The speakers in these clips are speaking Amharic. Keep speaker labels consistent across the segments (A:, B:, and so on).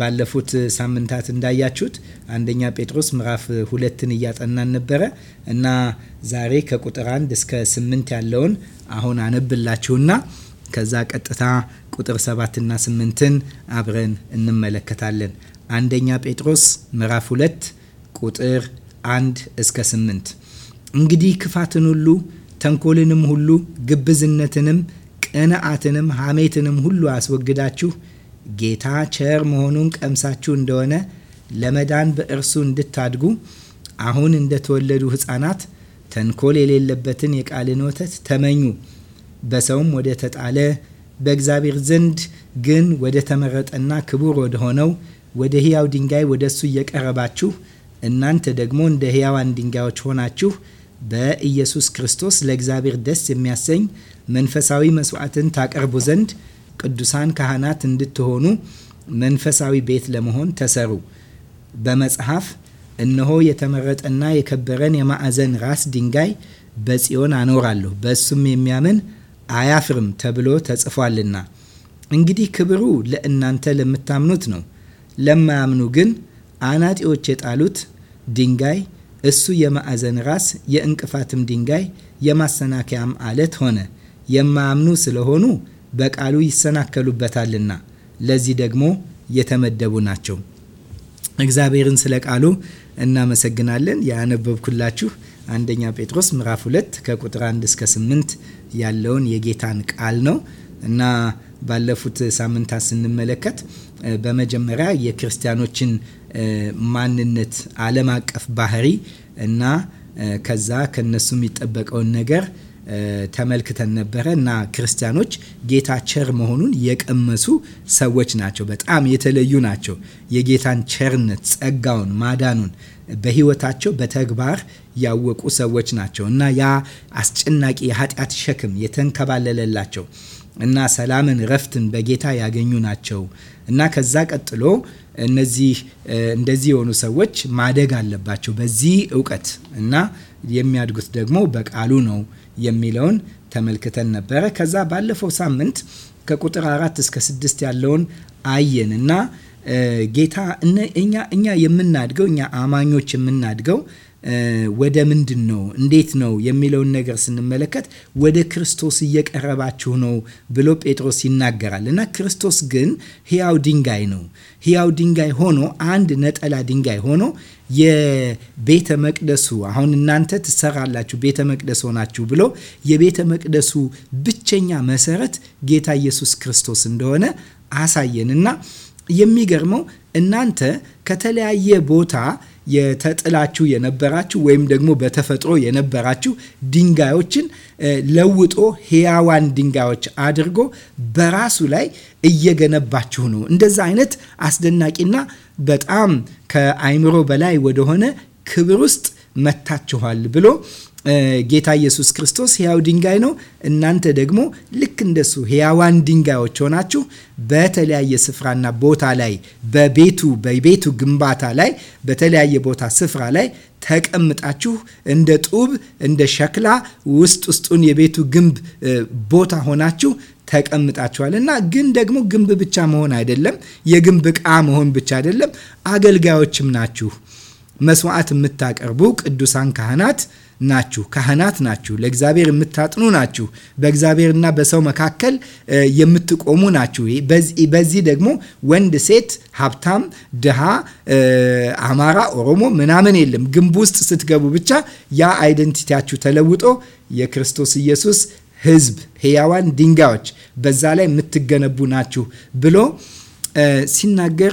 A: ባለፉት ሳምንታት እንዳያችሁት አንደኛ ጴጥሮስ ምዕራፍ ሁለትን እያጠናን ነበረ እና ዛሬ ከቁጥር አንድ እስከ ስምንት ያለውን አሁን አነብላችሁና ከዛ ቀጥታ ቁጥር ሰባትና ስምንትን አብረን እንመለከታለን። አንደኛ ጴጥሮስ ምዕራፍ ሁለት ቁጥር አንድ እስከ ስምንት እንግዲህ ክፋትን ሁሉ ተንኮልንም ሁሉ ግብዝነትንም ቅንዓትንም ሐሜትንም ሁሉ አስወግዳችሁ ጌታ ቸር መሆኑን ቀምሳችሁ እንደሆነ ለመዳን በእርሱ እንድታድጉ አሁን እንደተወለዱ ሕፃናት ተንኮል የሌለበትን የቃልን ወተት ተመኙ። በሰውም ወደ ተጣለ በእግዚአብሔር ዘንድ ግን ወደ ተመረጠና ክቡር ወደ ሆነው ወደ ሕያው ድንጋይ ወደ እሱ እየቀረባችሁ እናንተ ደግሞ እንደ ሕያዋን ድንጋዮች ሆናችሁ በኢየሱስ ክርስቶስ ለእግዚአብሔር ደስ የሚያሰኝ መንፈሳዊ መስዋዕትን ታቀርቡ ዘንድ ቅዱሳን ካህናት እንድትሆኑ መንፈሳዊ ቤት ለመሆን ተሰሩ። በመጽሐፍ እነሆ የተመረጠና የከበረን የማዕዘን ራስ ድንጋይ በጽዮን አኖራለሁ በእሱም የሚያምን አያፍርም ተብሎ ተጽፏልና። እንግዲህ ክብሩ ለእናንተ ለምታምኑት ነው። ለማያምኑ ግን አናጢዎች የጣሉት ድንጋይ እሱ የማዕዘን ራስ የእንቅፋትም ድንጋይ የማሰናከያም አለት ሆነ። የማያምኑ ስለሆኑ በቃሉ ይሰናከሉበታልና ለዚህ ደግሞ የተመደቡ ናቸው። እግዚአብሔርን ስለ ቃሉ እናመሰግናለን። ያነበብኩላችሁ አንደኛ ጴጥሮስ ምዕራፍ 2 ከቁጥር 1 እስከ 8 ያለውን የጌታን ቃል ነው እና ባለፉት ሳምንታት ስንመለከት በመጀመሪያ የክርስቲያኖችን ማንነት ዓለም አቀፍ ባህሪ እና ከዛ ከነሱ የሚጠበቀውን ነገር ተመልክተን ነበረ እና ክርስቲያኖች ጌታ ቸር መሆኑን የቀመሱ ሰዎች ናቸው። በጣም የተለዩ ናቸው። የጌታን ቸርነት፣ ጸጋውን፣ ማዳኑን በህይወታቸው በተግባር ያወቁ ሰዎች ናቸው እና ያ አስጨናቂ የኃጢአት ሸክም የተንከባለለላቸው እና ሰላምን፣ ረፍትን በጌታ ያገኙ ናቸው እና ከዛ ቀጥሎ እነዚህ እንደዚህ የሆኑ ሰዎች ማደግ አለባቸው በዚህ እውቀት እና የሚያድጉት ደግሞ በቃሉ ነው የሚለውን ተመልክተን ነበረ። ከዛ ባለፈው ሳምንት ከቁጥር አራት እስከ ስድስት ያለውን አየን እና ጌታ እኛ እኛ የምናድገው እኛ አማኞች የምናድገው ወደ ምንድን ነው እንዴት ነው የሚለውን ነገር ስንመለከት ወደ ክርስቶስ እየቀረባችሁ ነው ብሎ ጴጥሮስ ይናገራል እና ክርስቶስ ግን ሕያው ድንጋይ ነው። ሕያው ድንጋይ ሆኖ አንድ ነጠላ ድንጋይ ሆኖ የቤተ መቅደሱ አሁን እናንተ ትሰራላችሁ ቤተ መቅደስ ሆናችሁ ብሎ የቤተ መቅደሱ ብቸኛ መሰረት ጌታ ኢየሱስ ክርስቶስ እንደሆነ አሳየን እና የሚገርመው እናንተ ከተለያየ ቦታ የተጥላችሁ የነበራችሁ ወይም ደግሞ በተፈጥሮ የነበራችሁ ድንጋዮችን ለውጦ ሕያዋን ድንጋዮች አድርጎ በራሱ ላይ እየገነባችሁ ነው። እንደዛ አይነት አስደናቂና በጣም ከአይምሮ በላይ ወደሆነ ክብር ውስጥ መታችኋል ብሎ ጌታ ኢየሱስ ክርስቶስ ሕያው ድንጋይ ነው። እናንተ ደግሞ ልክ እንደሱ ሕያዋን ድንጋዮች ሆናችሁ በተለያየ ስፍራና ቦታ ላይ በቤቱ በቤቱ ግንባታ ላይ በተለያየ ቦታ ስፍራ ላይ ተቀምጣችሁ እንደ ጡብ እንደ ሸክላ ውስጥ ውስጡን የቤቱ ግንብ ቦታ ሆናችሁ ተቀምጣችኋል እና ግን ደግሞ ግንብ ብቻ መሆን አይደለም፣ የግንብ ዕቃ መሆን ብቻ አይደለም፣ አገልጋዮችም ናችሁ መስዋዕት የምታቀርቡ ቅዱሳን ካህናት ናችሁ፣ ካህናት ናችሁ፣ ለእግዚአብሔር የምታጥኑ ናችሁ፣ በእግዚአብሔርና በሰው መካከል የምትቆሙ ናችሁ። በዚህ ደግሞ ወንድ፣ ሴት፣ ሀብታም፣ ድሃ፣ አማራ፣ ኦሮሞ ምናምን የለም። ግንብ ውስጥ ስትገቡ ብቻ ያ አይደንቲቲያችሁ ተለውጦ የክርስቶስ ኢየሱስ ህዝብ ህያዋን ድንጋዮች በዛ ላይ የምትገነቡ ናችሁ ብሎ ሲናገር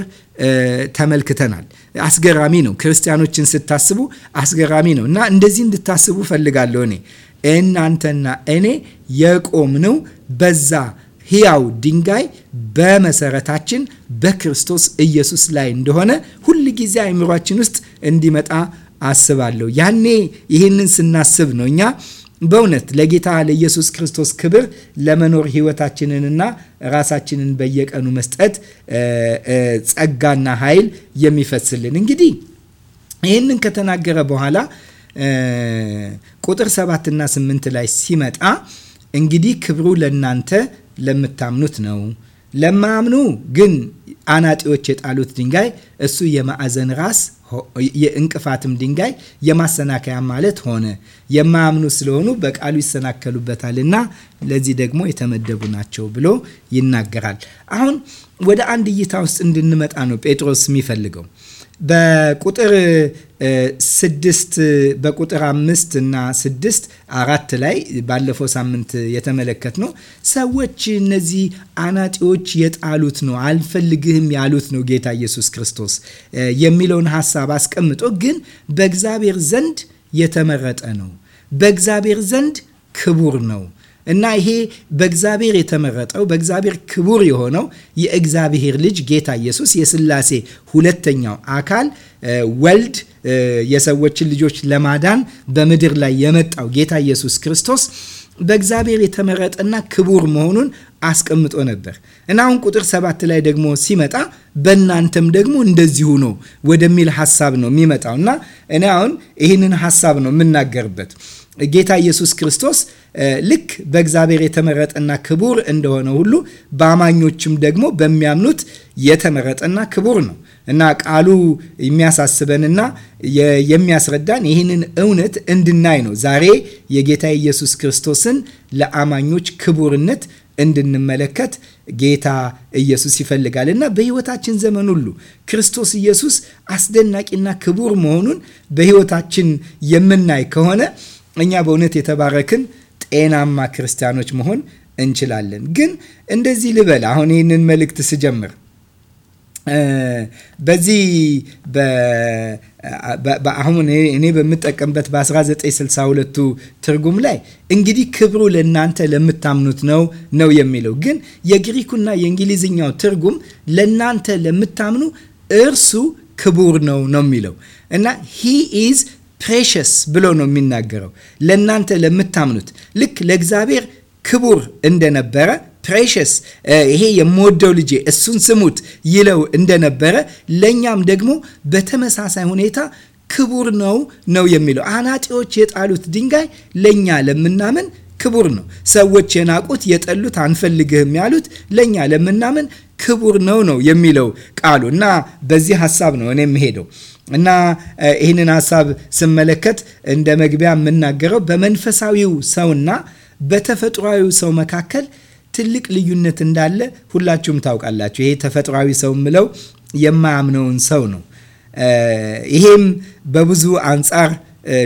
A: ተመልክተናል። አስገራሚ ነው። ክርስቲያኖችን ስታስቡ አስገራሚ ነው እና እንደዚህ እንድታስቡ ፈልጋለሁ። እኔ እናንተና እኔ የቆምነው በዛ ህያው ድንጋይ በመሰረታችን በክርስቶስ ኢየሱስ ላይ እንደሆነ ሁል ጊዜ አይምሯችን ውስጥ እንዲመጣ አስባለሁ። ያኔ ይህንን ስናስብ ነው እኛ በእውነት ለጌታ ለኢየሱስ ክርስቶስ ክብር ለመኖር ህይወታችንንና ራሳችንን በየቀኑ መስጠት ጸጋና ኃይል የሚፈስልን። እንግዲህ ይህንን ከተናገረ በኋላ ቁጥር ሰባትና ስምንት ላይ ሲመጣ እንግዲህ ክብሩ ለእናንተ ለምታምኑት ነው ለማያምኑ ግን አናጢዎች የጣሉት ድንጋይ እሱ የማዕዘን ራስ የእንቅፋትም ድንጋይ የማሰናከያ ማለት ሆነ። የማያምኑ ስለሆኑ በቃሉ ይሰናከሉበታልና ለዚህ ደግሞ የተመደቡ ናቸው ብሎ ይናገራል። አሁን ወደ አንድ እይታ ውስጥ እንድንመጣ ነው ጴጥሮስ የሚፈልገው በቁጥር ስድስት በቁጥር አምስት እና ስድስት አራት ላይ ባለፈው ሳምንት የተመለከት ነው። ሰዎች እነዚህ አናጢዎች የጣሉት ነው አልፈልግህም ያሉት ነው ጌታ ኢየሱስ ክርስቶስ የሚለውን ሀሳብ አስቀምጦ ግን በእግዚአብሔር ዘንድ የተመረጠ ነው፣ በእግዚአብሔር ዘንድ ክቡር ነው፣ እና ይሄ በእግዚአብሔር የተመረጠው በእግዚአብሔር ክቡር የሆነው የእግዚአብሔር ልጅ ጌታ ኢየሱስ የስላሴ ሁለተኛው አካል ወልድ የሰዎችን ልጆች ለማዳን በምድር ላይ የመጣው ጌታ ኢየሱስ ክርስቶስ በእግዚአብሔር የተመረጠና ክቡር መሆኑን አስቀምጦ ነበር እና አሁን ቁጥር ሰባት ላይ ደግሞ ሲመጣ በእናንተም ደግሞ እንደዚሁ ነው ወደሚል ሀሳብ ነው የሚመጣው እና እኔ አሁን ይህንን ሀሳብ ነው የምናገርበት ጌታ ኢየሱስ ክርስቶስ ልክ በእግዚአብሔር የተመረጠና ክቡር እንደሆነ ሁሉ በአማኞችም ደግሞ በሚያምኑት የተመረጠና ክቡር ነው እና ቃሉ የሚያሳስበንና የሚያስረዳን ይህንን እውነት እንድናይ ነው። ዛሬ የጌታ ኢየሱስ ክርስቶስን ለአማኞች ክቡርነት እንድንመለከት ጌታ ኢየሱስ ይፈልጋል እና በሕይወታችን ዘመን ሁሉ ክርስቶስ ኢየሱስ አስደናቂና ክቡር መሆኑን በሕይወታችን የምናይ ከሆነ እኛ በእውነት የተባረክን ጤናማ ክርስቲያኖች መሆን እንችላለን። ግን እንደዚህ ልበል አሁን ይህንን መልእክት ስጀምር በዚህ አሁን እኔ በምጠቀምበት በ1962ቱ ትርጉም ላይ እንግዲህ ክብሩ ለእናንተ ለምታምኑት ነው ነው የሚለው ግን የግሪኩና የእንግሊዝኛው ትርጉም ለእናንተ ለምታምኑ እርሱ ክቡር ነው ነው የሚለው እና ሂ ኢዝ ክሬሽስ ብሎ ነው የሚናገረው። ለእናንተ ለምታምኑት ልክ ለእግዚአብሔር ክቡር እንደነበረ ፕሬሽስ ይሄ የምወደው ልጄ እሱን ስሙት ይለው እንደነበረ ለእኛም ደግሞ በተመሳሳይ ሁኔታ ክቡር ነው ነው የሚለው። አናጢዎች የጣሉት ድንጋይ ለእኛ ለምናምን ክቡር ነው። ሰዎች የናቁት የጠሉት፣ አንፈልግህም ያሉት ለእኛ ለምናምን ክቡር ነው ነው የሚለው ቃሉ እና በዚህ ሀሳብ ነው እኔ የምሄደው እና ይህንን ሀሳብ ስመለከት እንደ መግቢያ የምናገረው በመንፈሳዊው ሰውና በተፈጥሯዊው ሰው መካከል ትልቅ ልዩነት እንዳለ ሁላችሁም ታውቃላችሁ። ይሄ ተፈጥሯዊ ሰው የምለው የማያምነውን ሰው ነው። ይሄም በብዙ አንጻር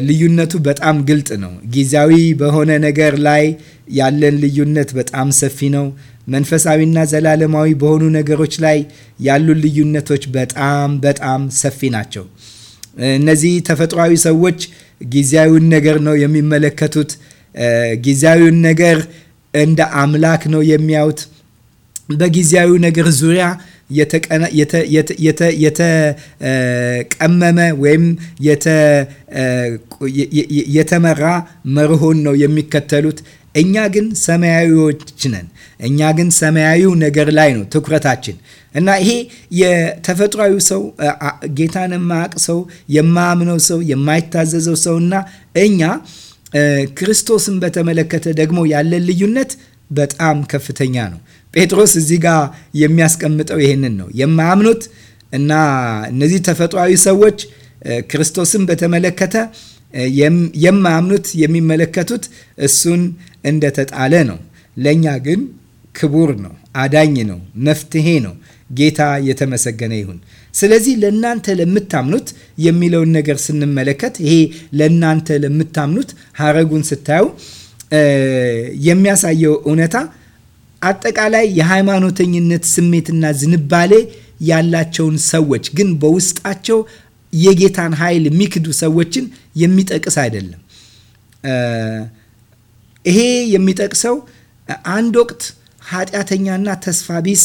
A: ልዩነቱ በጣም ግልጥ ነው። ጊዜያዊ በሆነ ነገር ላይ ያለን ልዩነት በጣም ሰፊ ነው። መንፈሳዊና ዘላለማዊ በሆኑ ነገሮች ላይ ያሉ ልዩነቶች በጣም በጣም ሰፊ ናቸው። እነዚህ ተፈጥሯዊ ሰዎች ጊዜያዊውን ነገር ነው የሚመለከቱት። ጊዜያዊውን ነገር እንደ አምላክ ነው የሚያዩት። በጊዜያዊ ነገር ዙሪያ የተቀመመ ወይም የተመራ መርሆን ነው የሚከተሉት። እኛ ግን ሰማያዊዎች ነን። እኛ ግን ሰማያዊው ነገር ላይ ነው ትኩረታችን እና ይሄ የተፈጥሯዊ ሰው ጌታን የማያውቅ ሰው፣ የማያምነው ሰው፣ የማይታዘዘው ሰው እና እኛ ክርስቶስን በተመለከተ ደግሞ ያለን ልዩነት በጣም ከፍተኛ ነው። ጴጥሮስ እዚህ ጋር የሚያስቀምጠው ይህንን ነው። የማያምኑት እና እነዚህ ተፈጥሯዊ ሰዎች ክርስቶስን በተመለከተ የማያምኑት የሚመለከቱት እሱን እንደተጣለ ነው። ለእኛ ግን ክቡር ነው፣ አዳኝ ነው፣ መፍትሄ ነው። ጌታ የተመሰገነ ይሁን። ስለዚህ ለእናንተ ለምታምኑት የሚለውን ነገር ስንመለከት ይሄ ለእናንተ ለምታምኑት ሀረጉን ስታዩ የሚያሳየው እውነታ አጠቃላይ የሃይማኖተኝነት ስሜትና ዝንባሌ ያላቸውን ሰዎች ግን በውስጣቸው የጌታን ኃይል የሚክዱ ሰዎችን የሚጠቅስ አይደለም። ይሄ የሚጠቅሰው አንድ ወቅት ኃጢአተኛና ተስፋ ቢስ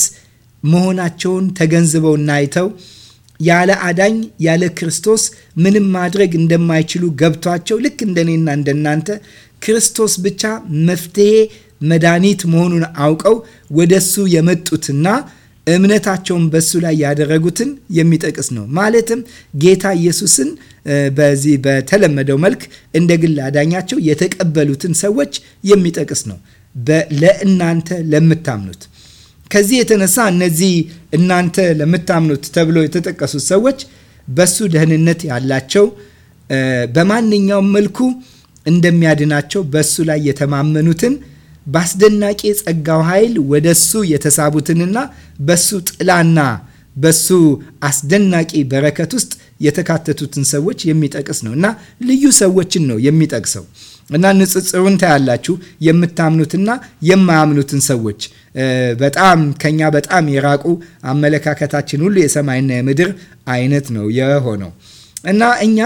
A: መሆናቸውን ተገንዝበውና አይተው ያለ አዳኝ ያለ ክርስቶስ ምንም ማድረግ እንደማይችሉ ገብቷቸው ልክ እንደኔና እንደናንተ ክርስቶስ ብቻ መፍትሄ መድኃኒት መሆኑን አውቀው ወደሱ የመጡትና እምነታቸውን በሱ ላይ ያደረጉትን የሚጠቅስ ነው። ማለትም ጌታ ኢየሱስን በዚህ በተለመደው መልክ እንደ ግል አዳኛቸው የተቀበሉትን ሰዎች የሚጠቅስ ነው። ለእናንተ ለምታምኑት ከዚህ የተነሳ እነዚህ እናንተ ለምታምኑት ተብሎ የተጠቀሱት ሰዎች በሱ ደህንነት ያላቸው በማንኛውም መልኩ እንደሚያድናቸው በሱ ላይ የተማመኑትን በአስደናቂ የጸጋው ኃይል ወደ እሱ የተሳቡትንና በሱ ጥላና በሱ አስደናቂ በረከት ውስጥ የተካተቱትን ሰዎች የሚጠቅስ ነው እና ልዩ ሰዎችን ነው የሚጠቅሰው እና ንጽጽሩን ታያላችሁ። የምታምኑትና የማያምኑትን ሰዎች በጣም ከኛ በጣም የራቁ አመለካከታችን ሁሉ የሰማይና የምድር አይነት ነው የሆነው እና እኛ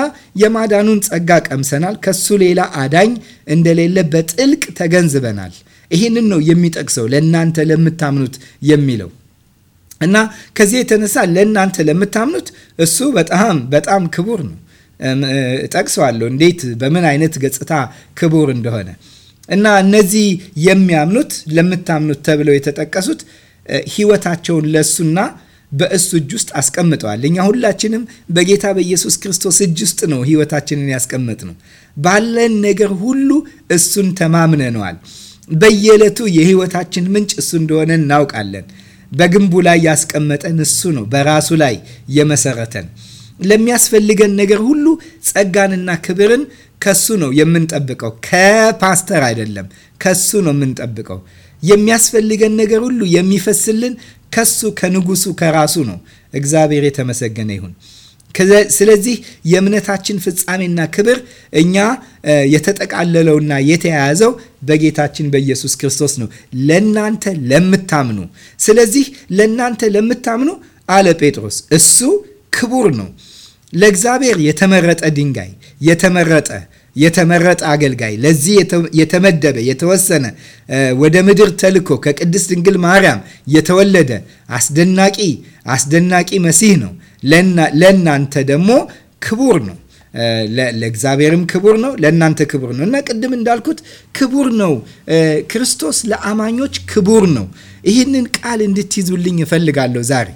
A: የማዳኑን ጸጋ ቀምሰናል። ከሱ ሌላ አዳኝ እንደሌለ በጥልቅ ተገንዝበናል። ይሄንን ነው የሚጠቅሰው ለእናንተ ለምታምኑት የሚለው እና ከዚህ የተነሳ ለእናንተ ለምታምኑት እሱ በጣም በጣም ክቡር ነው። ጠቅሰዋለሁ እንዴት በምን አይነት ገጽታ ክቡር እንደሆነ እና እነዚህ የሚያምኑት ለምታምኑት ተብለው የተጠቀሱት ህይወታቸውን ለእሱና በእሱ እጅ ውስጥ አስቀምጠዋል። እኛ ሁላችንም በጌታ በኢየሱስ ክርስቶስ እጅ ውስጥ ነው ህይወታችንን ያስቀመጥ ነው። ባለን ነገር ሁሉ እሱን ተማምነነዋል። በየዕለቱ የህይወታችን ምንጭ እሱ እንደሆነ እናውቃለን። በግንቡ ላይ ያስቀመጠን እሱ ነው። በራሱ ላይ የመሰረተን ለሚያስፈልገን ነገር ሁሉ ጸጋንና ክብርን ከሱ ነው የምንጠብቀው። ከፓስተር አይደለም፣ ከሱ ነው የምንጠብቀው። የሚያስፈልገን ነገር ሁሉ የሚፈስልን ከሱ ከንጉሱ ከራሱ ነው። እግዚአብሔር የተመሰገነ ይሁን። ስለዚህ የእምነታችን ፍጻሜና ክብር እኛ የተጠቃለለውና የተያያዘው በጌታችን በኢየሱስ ክርስቶስ ነው፣ ለናንተ ለምታምኑ። ስለዚህ ለናንተ ለምታምኑ አለ ጴጥሮስ፣ እሱ ክቡር ነው፣ ለእግዚአብሔር የተመረጠ ድንጋይ፣ የተመረጠ የተመረጠ አገልጋይ፣ ለዚህ የተመደበ የተወሰነ፣ ወደ ምድር ተልኮ ከቅድስት ድንግል ማርያም የተወለደ አስደናቂ አስደናቂ መሲህ ነው። ለእናንተ ደግሞ ክቡር ነው። ለእግዚአብሔርም ክቡር ነው፣ ለእናንተ ክቡር ነው እና ቅድም እንዳልኩት ክቡር ነው። ክርስቶስ ለአማኞች ክቡር ነው። ይህንን ቃል እንድትይዙልኝ እፈልጋለሁ። ዛሬ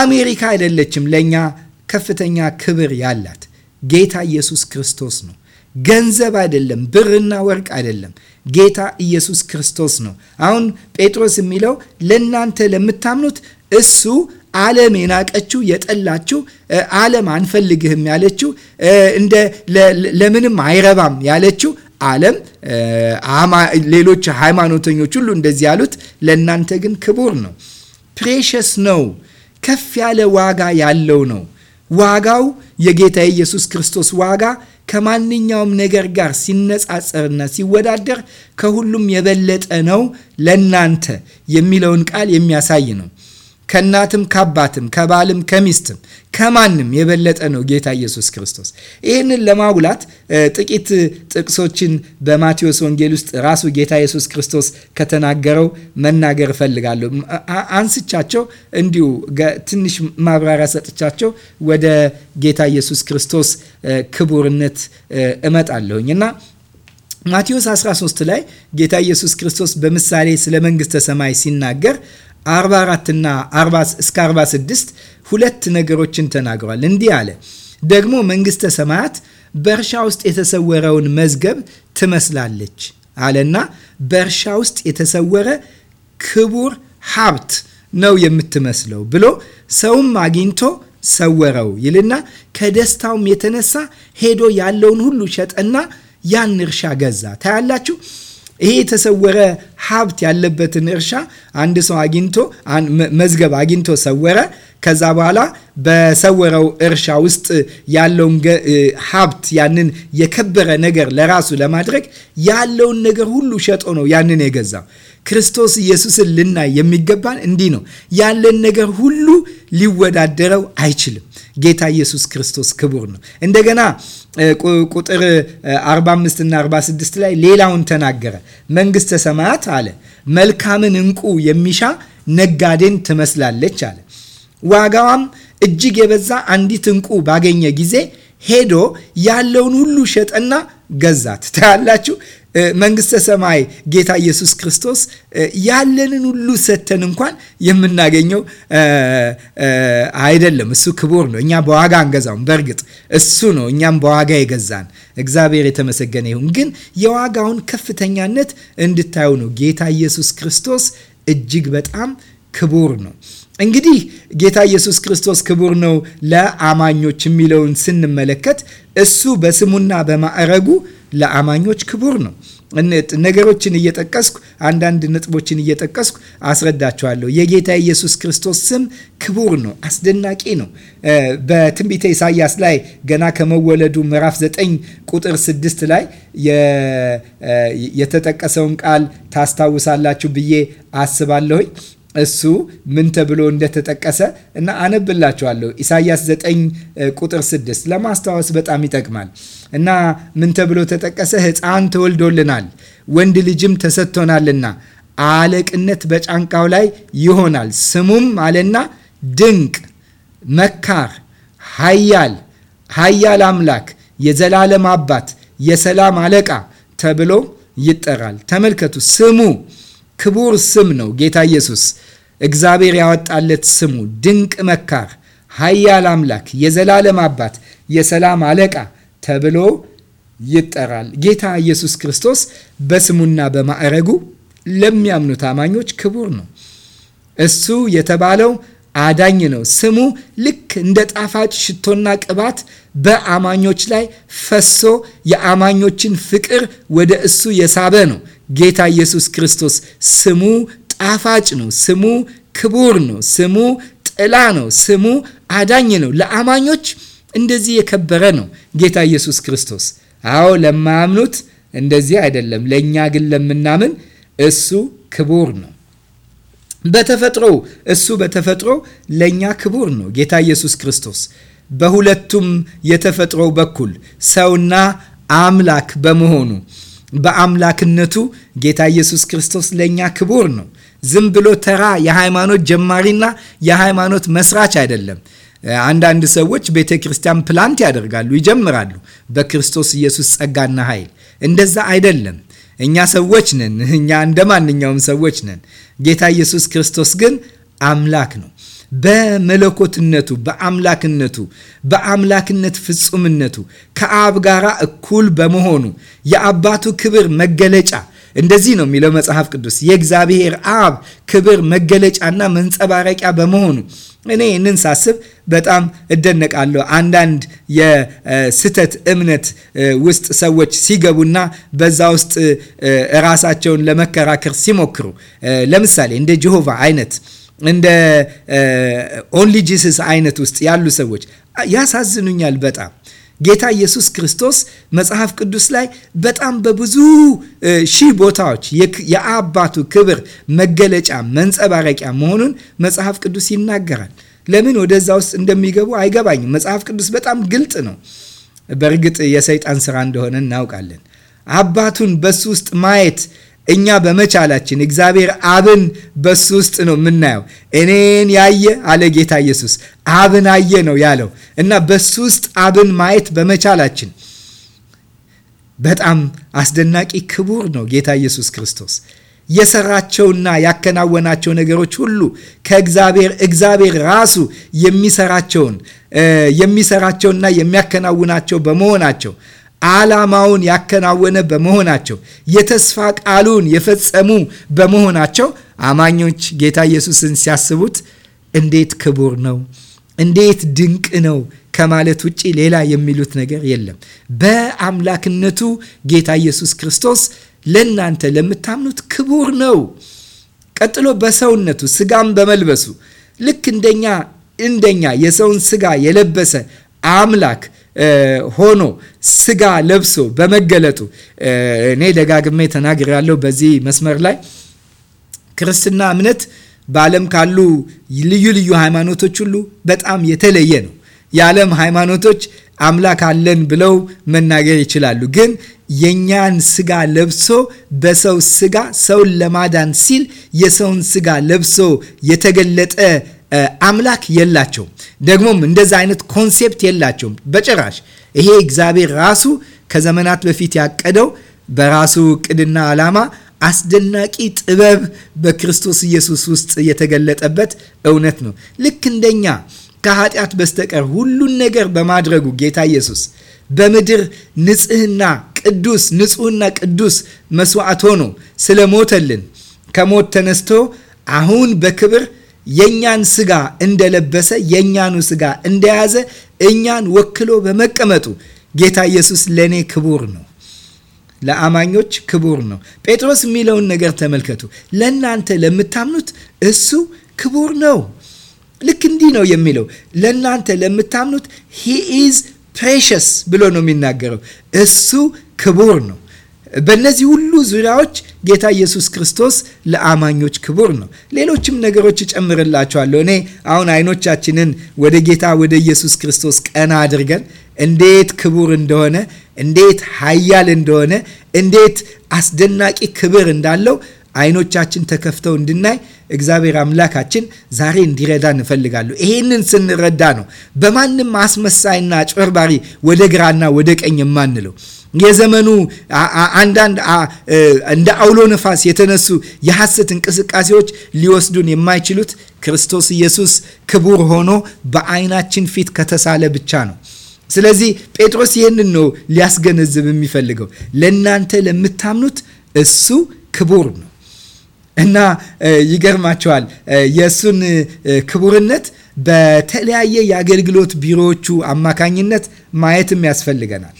A: አሜሪካ አይደለችም ለእኛ ከፍተኛ ክብር ያላት ጌታ ኢየሱስ ክርስቶስ ነው። ገንዘብ አይደለም፣ ብርና ወርቅ አይደለም። ጌታ ኢየሱስ ክርስቶስ ነው። አሁን ጴጥሮስ የሚለው ለእናንተ ለምታምኑት እሱ ዓለም የናቀችው የጠላችው ዓለም አንፈልግህም ያለችው እንደ ለምንም አይረባም ያለችው ዓለም ሌሎች ሃይማኖተኞች ሁሉ እንደዚህ ያሉት፣ ለእናንተ ግን ክቡር ነው፣ ፕሬሸስ ነው፣ ከፍ ያለ ዋጋ ያለው ነው። ዋጋው የጌታ ኢየሱስ ክርስቶስ ዋጋ ከማንኛውም ነገር ጋር ሲነጻጸርና ሲወዳደር ከሁሉም የበለጠ ነው ለእናንተ የሚለውን ቃል የሚያሳይ ነው። ከእናትም ከአባትም ከባልም ከሚስትም ከማንም የበለጠ ነው ጌታ ኢየሱስ ክርስቶስ። ይህንን ለማጉላት ጥቂት ጥቅሶችን በማቴዎስ ወንጌል ውስጥ ራሱ ጌታ ኢየሱስ ክርስቶስ ከተናገረው መናገር እፈልጋለሁ። አንስቻቸው እንዲሁ ትንሽ ማብራሪያ ሰጥቻቸው ወደ ጌታ ኢየሱስ ክርስቶስ ክቡርነት እመጣለሁኝ እና ማቴዎስ 13 ላይ ጌታ ኢየሱስ ክርስቶስ በምሳሌ ስለ መንግሥተ ሰማይ ሲናገር 44 እና እስከ 46 ሁለት ነገሮችን ተናግሯል። እንዲህ አለ፣ ደግሞ መንግስተ ሰማያት በእርሻ ውስጥ የተሰወረውን መዝገብ ትመስላለች አለና በእርሻ ውስጥ የተሰወረ ክቡር ሀብት ነው የምትመስለው ብሎ ሰውም አግኝቶ ሰወረው ይልና ከደስታውም የተነሳ ሄዶ ያለውን ሁሉ ሸጠና ያን እርሻ ገዛ። ታያላችሁ ይሄ የተሰወረ ሀብት ያለበትን እርሻ አንድ ሰው አግኝቶ መዝገብ አግኝቶ ሰወረ። ከዛ በኋላ በሰወረው እርሻ ውስጥ ያለውን ሀብት ያንን የከበረ ነገር ለራሱ ለማድረግ ያለውን ነገር ሁሉ ሸጦ ነው ያንን የገዛው። ክርስቶስ ኢየሱስን ልናይ የሚገባን እንዲህ ነው። ያለን ነገር ሁሉ ሊወዳደረው አይችልም። ጌታ ኢየሱስ ክርስቶስ ክቡር ነው። እንደገና ቁጥር 45 እና 46 ላይ ሌላውን ተናገረ። መንግስተ ሰማያት አለ መልካምን እንቁ የሚሻ ነጋዴን ትመስላለች አለ። ዋጋዋም እጅግ የበዛ አንዲት እንቁ ባገኘ ጊዜ ሄዶ ያለውን ሁሉ ሸጠና ገዛት። ታያላችሁ። መንግስተ ሰማይ ጌታ ኢየሱስ ክርስቶስ ያለንን ሁሉ ሰተን እንኳን የምናገኘው አይደለም። እሱ ክቡር ነው። እኛ በዋጋ አንገዛውም። በእርግጥ እሱ ነው እኛም በዋጋ የገዛን። እግዚአብሔር የተመሰገነ ይሁን። ግን የዋጋውን ከፍተኛነት እንድታዩ ነው። ጌታ ኢየሱስ ክርስቶስ እጅግ በጣም ክቡር ነው። እንግዲህ ጌታ ኢየሱስ ክርስቶስ ክቡር ነው ለአማኞች የሚለውን ስንመለከት እሱ በስሙና በማዕረጉ ለአማኞች ክቡር ነው። ነገሮችን እየጠቀስኩ አንዳንድ ነጥቦችን እየጠቀስኩ አስረዳችኋለሁ። የጌታ ኢየሱስ ክርስቶስ ስም ክቡር ነው፣ አስደናቂ ነው። በትንቢተ ኢሳያስ ላይ ገና ከመወለዱ ምዕራፍ 9 ቁጥር 6 ላይ የተጠቀሰውን ቃል ታስታውሳላችሁ ብዬ አስባለሁኝ። እሱ ምን ተብሎ እንደተጠቀሰ እና አነብላችኋለሁ። ኢሳያስ 9 ቁጥር 6 ለማስታወስ በጣም ይጠቅማል። እና ምን ተብሎ ተጠቀሰ? ሕፃን ተወልዶልናል ወንድ ልጅም ተሰጥቶናልና አለቅነት በጫንቃው ላይ ይሆናል። ስሙም አለና ድንቅ መካር፣ ኃያል ኃያል አምላክ፣ የዘላለም አባት፣ የሰላም አለቃ ተብሎ ይጠራል። ተመልከቱ፣ ስሙ ክቡር ስም ነው። ጌታ ኢየሱስ እግዚአብሔር ያወጣለት ስሙ ድንቅ መካር፣ ኃያል አምላክ፣ የዘላለም አባት፣ የሰላም አለቃ ተብሎ ይጠራል። ጌታ ኢየሱስ ክርስቶስ በስሙና በማዕረጉ ለሚያምኑት አማኞች ክቡር ነው። እሱ የተባለው አዳኝ ነው። ስሙ ልክ እንደ ጣፋጭ ሽቶና ቅባት በአማኞች ላይ ፈሶ የአማኞችን ፍቅር ወደ እሱ የሳበ ነው። ጌታ ኢየሱስ ክርስቶስ ስሙ ጣፋጭ ነው። ስሙ ክቡር ነው። ስሙ ጥላ ነው። ስሙ አዳኝ ነው ለአማኞች እንደዚህ የከበረ ነው ጌታ ኢየሱስ ክርስቶስ። አዎ ለማያምኑት እንደዚህ አይደለም፣ ለእኛ ግን ለምናምን እሱ ክቡር ነው። በተፈጥሮ እሱ በተፈጥሮ ለእኛ ክቡር ነው ጌታ ኢየሱስ ክርስቶስ። በሁለቱም የተፈጥሮ በኩል ሰውና አምላክ በመሆኑ በአምላክነቱ ጌታ ኢየሱስ ክርስቶስ ለእኛ ክቡር ነው። ዝም ብሎ ተራ የሃይማኖት ጀማሪና የሃይማኖት መስራች አይደለም። አንዳንድ ሰዎች ቤተ ክርስቲያን ፕላንት ያደርጋሉ፣ ይጀምራሉ። በክርስቶስ ኢየሱስ ጸጋና ኃይል እንደዛ አይደለም። እኛ ሰዎች ነን። እኛ እንደ ማንኛውም ሰዎች ነን። ጌታ ኢየሱስ ክርስቶስ ግን አምላክ ነው። በመለኮትነቱ በአምላክነቱ በአምላክነት ፍጹምነቱ ከአብ ጋራ እኩል በመሆኑ የአባቱ ክብር መገለጫ እንደዚህ ነው የሚለው መጽሐፍ ቅዱስ የእግዚአብሔር አብ ክብር መገለጫና መንጸባረቂያ በመሆኑ እኔ ይህንን ሳስብ በጣም እደነቃለሁ። አንዳንድ የስህተት እምነት ውስጥ ሰዎች ሲገቡና በዛ ውስጥ ራሳቸውን ለመከራከር ሲሞክሩ ለምሳሌ እንደ ጀሆቫ አይነት እንደ ኦንሊ ጂስስ አይነት ውስጥ ያሉ ሰዎች ያሳዝኑኛል በጣም ጌታ ኢየሱስ ክርስቶስ መጽሐፍ ቅዱስ ላይ በጣም በብዙ ሺህ ቦታዎች የአባቱ ክብር መገለጫ መንጸባረቂያ መሆኑን መጽሐፍ ቅዱስ ይናገራል። ለምን ወደዛ ውስጥ እንደሚገቡ አይገባኝም። መጽሐፍ ቅዱስ በጣም ግልጥ ነው። በእርግጥ የሰይጣን ስራ እንደሆነ እናውቃለን። አባቱን በሱ ውስጥ ማየት እኛ በመቻላችን እግዚአብሔር አብን በሱ ውስጥ ነው የምናየው። እኔን ያየ አለ ጌታ ኢየሱስ አብን አየ ነው ያለው እና በሱ ውስጥ አብን ማየት በመቻላችን በጣም አስደናቂ ክቡር ነው ጌታ ኢየሱስ ክርስቶስ የሰራቸውና ያከናወናቸው ነገሮች ሁሉ ከእግዚአብሔር እግዚአብሔር ራሱ የሚሰራቸውን የሚሰራቸውና የሚያከናውናቸው በመሆናቸው ዓላማውን ያከናወነ በመሆናቸው የተስፋ ቃሉን የፈጸሙ በመሆናቸው አማኞች ጌታ ኢየሱስን ሲያስቡት እንዴት ክቡር ነው፣ እንዴት ድንቅ ነው ከማለት ውጭ ሌላ የሚሉት ነገር የለም። በአምላክነቱ ጌታ ኢየሱስ ክርስቶስ ለእናንተ ለምታምኑት ክቡር ነው። ቀጥሎ በሰውነቱ ስጋም በመልበሱ ልክ እንደኛ እንደኛ የሰውን ስጋ የለበሰ አምላክ ሆኖ ስጋ ለብሶ በመገለጡ እኔ ደጋግሜ ያለው በዚህ መስመር ላይ ክርስትና እምነት በዓለም ካሉ ልዩ ልዩ ሃይማኖቶች ሁሉ በጣም የተለየ ነው። የዓለም ሃይማኖቶች አምላክ አለን ብለው መናገር ይችላሉ፣ ግን የእኛን ስጋ ለብሶ በሰው ስጋ ሰውን ለማዳን ሲል የሰውን ስጋ ለብሶ የተገለጠ አምላክ የላቸውም። ደግሞም እንደዛ አይነት ኮንሴፕት የላቸውም በጭራሽ። ይሄ እግዚአብሔር ራሱ ከዘመናት በፊት ያቀደው በራሱ እቅድና ዓላማ አስደናቂ ጥበብ በክርስቶስ ኢየሱስ ውስጥ የተገለጠበት እውነት ነው። ልክ እንደኛ ከኃጢአት በስተቀር ሁሉን ነገር በማድረጉ ጌታ ኢየሱስ በምድር ንጽህና ቅዱስ ንጹህና ቅዱስ መስዋዕት ሆኖ ስለሞተልን ከሞት ተነስቶ አሁን በክብር የእኛን ስጋ እንደለበሰ የእኛኑ ስጋ እንደያዘ እኛን ወክሎ በመቀመጡ ጌታ ኢየሱስ ለእኔ ክቡር ነው፣ ለአማኞች ክቡር ነው። ጴጥሮስ የሚለውን ነገር ተመልከቱ። ለእናንተ ለምታምኑት እሱ ክቡር ነው። ልክ እንዲህ ነው የሚለው ለእናንተ ለምታምኑት ሂ ኢዝ ፕሬሸስ ብሎ ነው የሚናገረው። እሱ ክቡር ነው። በእነዚህ ሁሉ ዙሪያዎች ጌታ ኢየሱስ ክርስቶስ ለአማኞች ክቡር ነው። ሌሎችም ነገሮች እጨምርላቸዋለሁ። እኔ አሁን አይኖቻችንን ወደ ጌታ ወደ ኢየሱስ ክርስቶስ ቀና አድርገን እንዴት ክቡር እንደሆነ፣ እንዴት ኃያል እንደሆነ፣ እንዴት አስደናቂ ክብር እንዳለው አይኖቻችን ተከፍተው እንድናይ እግዚአብሔር አምላካችን ዛሬ እንዲረዳ እንፈልጋለሁ። ይሄንን ስንረዳ ነው በማንም አስመሳይና ጭበርባሪ ወደ ግራና ወደ ቀኝ የማንለው። የዘመኑ አንዳንድ እንደ አውሎ ነፋስ የተነሱ የሐሰት እንቅስቃሴዎች ሊወስዱን የማይችሉት ክርስቶስ ኢየሱስ ክቡር ሆኖ በአይናችን ፊት ከተሳለ ብቻ ነው። ስለዚህ ጴጥሮስ ይህንን ነው ሊያስገነዝብ የሚፈልገው። ለእናንተ ለምታምኑት እሱ ክቡር ነው። እና ይገርማቸዋል የእሱን ክቡርነት በተለያየ የአገልግሎት ቢሮዎቹ አማካኝነት ማየትም ያስፈልገናል።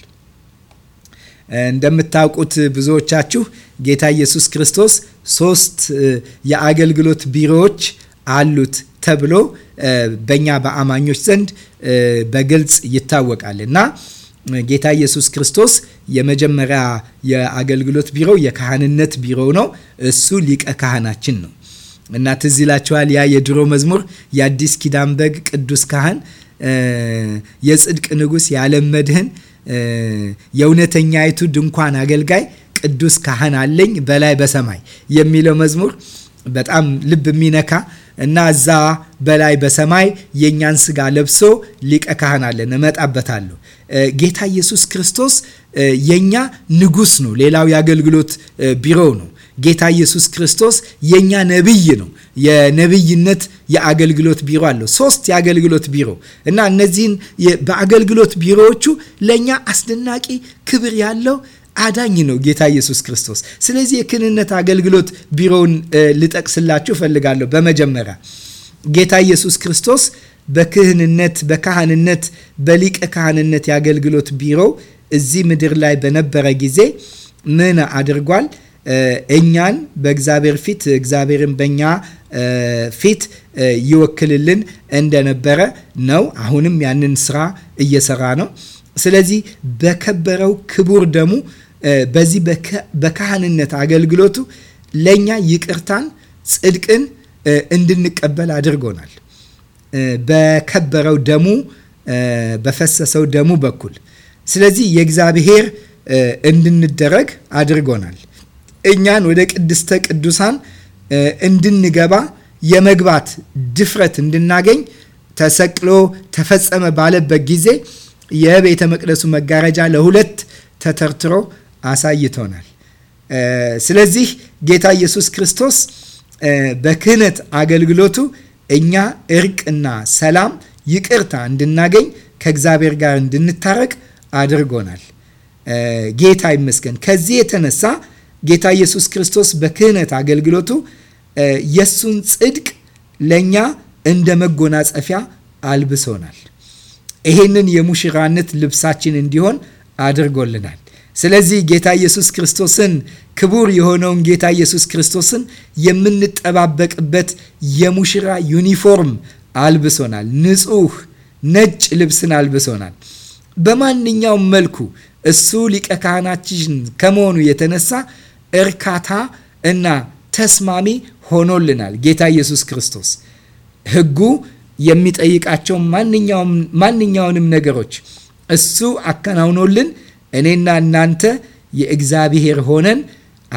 A: እንደምታውቁት ብዙዎቻችሁ ጌታ ኢየሱስ ክርስቶስ ሶስት የአገልግሎት ቢሮዎች አሉት ተብሎ በእኛ በአማኞች ዘንድ በግልጽ ይታወቃል እና ጌታ ኢየሱስ ክርስቶስ የመጀመሪያ የአገልግሎት ቢሮ የካህንነት ቢሮ ነው። እሱ ሊቀ ካህናችን ነው እና ትዝ ይላችኋል ያ የድሮ መዝሙር የአዲስ ኪዳን በግ ቅዱስ ካህን የጽድቅ ንጉሥ የዓለም መድህን የእውነተኛይቱ ድንኳን አገልጋይ ቅዱስ ካህን አለኝ በላይ በሰማይ የሚለው መዝሙር በጣም ልብ የሚነካ እና እዛ በላይ በሰማይ የእኛን ስጋ ለብሶ ሊቀ ካህን አለን። እመጣበታለሁ። ጌታ ኢየሱስ ክርስቶስ የእኛ ንጉስ ነው። ሌላው የአገልግሎት ቢሮ ነው። ጌታ ኢየሱስ ክርስቶስ የእኛ ነቢይ ነው። የነቢይነት የአገልግሎት ቢሮ አለው። ሶስት የአገልግሎት ቢሮ እና እነዚህን በአገልግሎት ቢሮዎቹ ለእኛ አስደናቂ ክብር ያለው አዳኝ ነው ጌታ ኢየሱስ ክርስቶስ። ስለዚህ የክህንነት አገልግሎት ቢሮውን ልጠቅስላችሁ እፈልጋለሁ። በመጀመሪያ ጌታ ኢየሱስ ክርስቶስ በክህንነት በካህንነት በሊቀ ካህንነት የአገልግሎት ቢሮ እዚህ ምድር ላይ በነበረ ጊዜ ምን አድርጓል? እኛን በእግዚአብሔር ፊት እግዚአብሔርን በእኛ ፊት ይወክልልን እንደነበረ ነው። አሁንም ያንን ስራ እየሰራ ነው። ስለዚህ በከበረው ክቡር ደሙ በዚህ በካህንነት አገልግሎቱ ለእኛ ይቅርታን፣ ጽድቅን እንድንቀበል አድርጎናል። በከበረው ደሙ በፈሰሰው ደሙ በኩል ስለዚህ የእግዚአብሔር እንድንደረግ አድርጎናል። እኛን ወደ ቅድስተ ቅዱሳን እንድንገባ የመግባት ድፍረት እንድናገኝ ተሰቅሎ ተፈጸመ ባለበት ጊዜ የቤተ መቅደሱ መጋረጃ ለሁለት ተተርትሮ አሳይቶናል። ስለዚህ ጌታ ኢየሱስ ክርስቶስ በክህነት አገልግሎቱ እኛ እርቅና ሰላም፣ ይቅርታ እንድናገኝ ከእግዚአብሔር ጋር እንድንታረቅ አድርጎናል። ጌታ ይመስገን። ከዚህ የተነሳ ጌታ ኢየሱስ ክርስቶስ በክህነት አገልግሎቱ የእሱን ጽድቅ ለእኛ እንደ መጎናጸፊያ አልብሶናል። ይሄንን የሙሽራነት ልብሳችን እንዲሆን አድርጎልናል። ስለዚህ ጌታ ኢየሱስ ክርስቶስን ክቡር የሆነውን ጌታ ኢየሱስ ክርስቶስን የምንጠባበቅበት የሙሽራ ዩኒፎርም አልብሶናል። ንጹህ ነጭ ልብስን አልብሶናል። በማንኛውም መልኩ እሱ ሊቀ ካህናችን ከመሆኑ የተነሳ እርካታ እና ተስማሚ ሆኖልናል። ጌታ ኢየሱስ ክርስቶስ ሕጉ የሚጠይቃቸው ማንኛውንም ነገሮች እሱ አከናውኖልን እኔና እናንተ የእግዚአብሔር ሆነን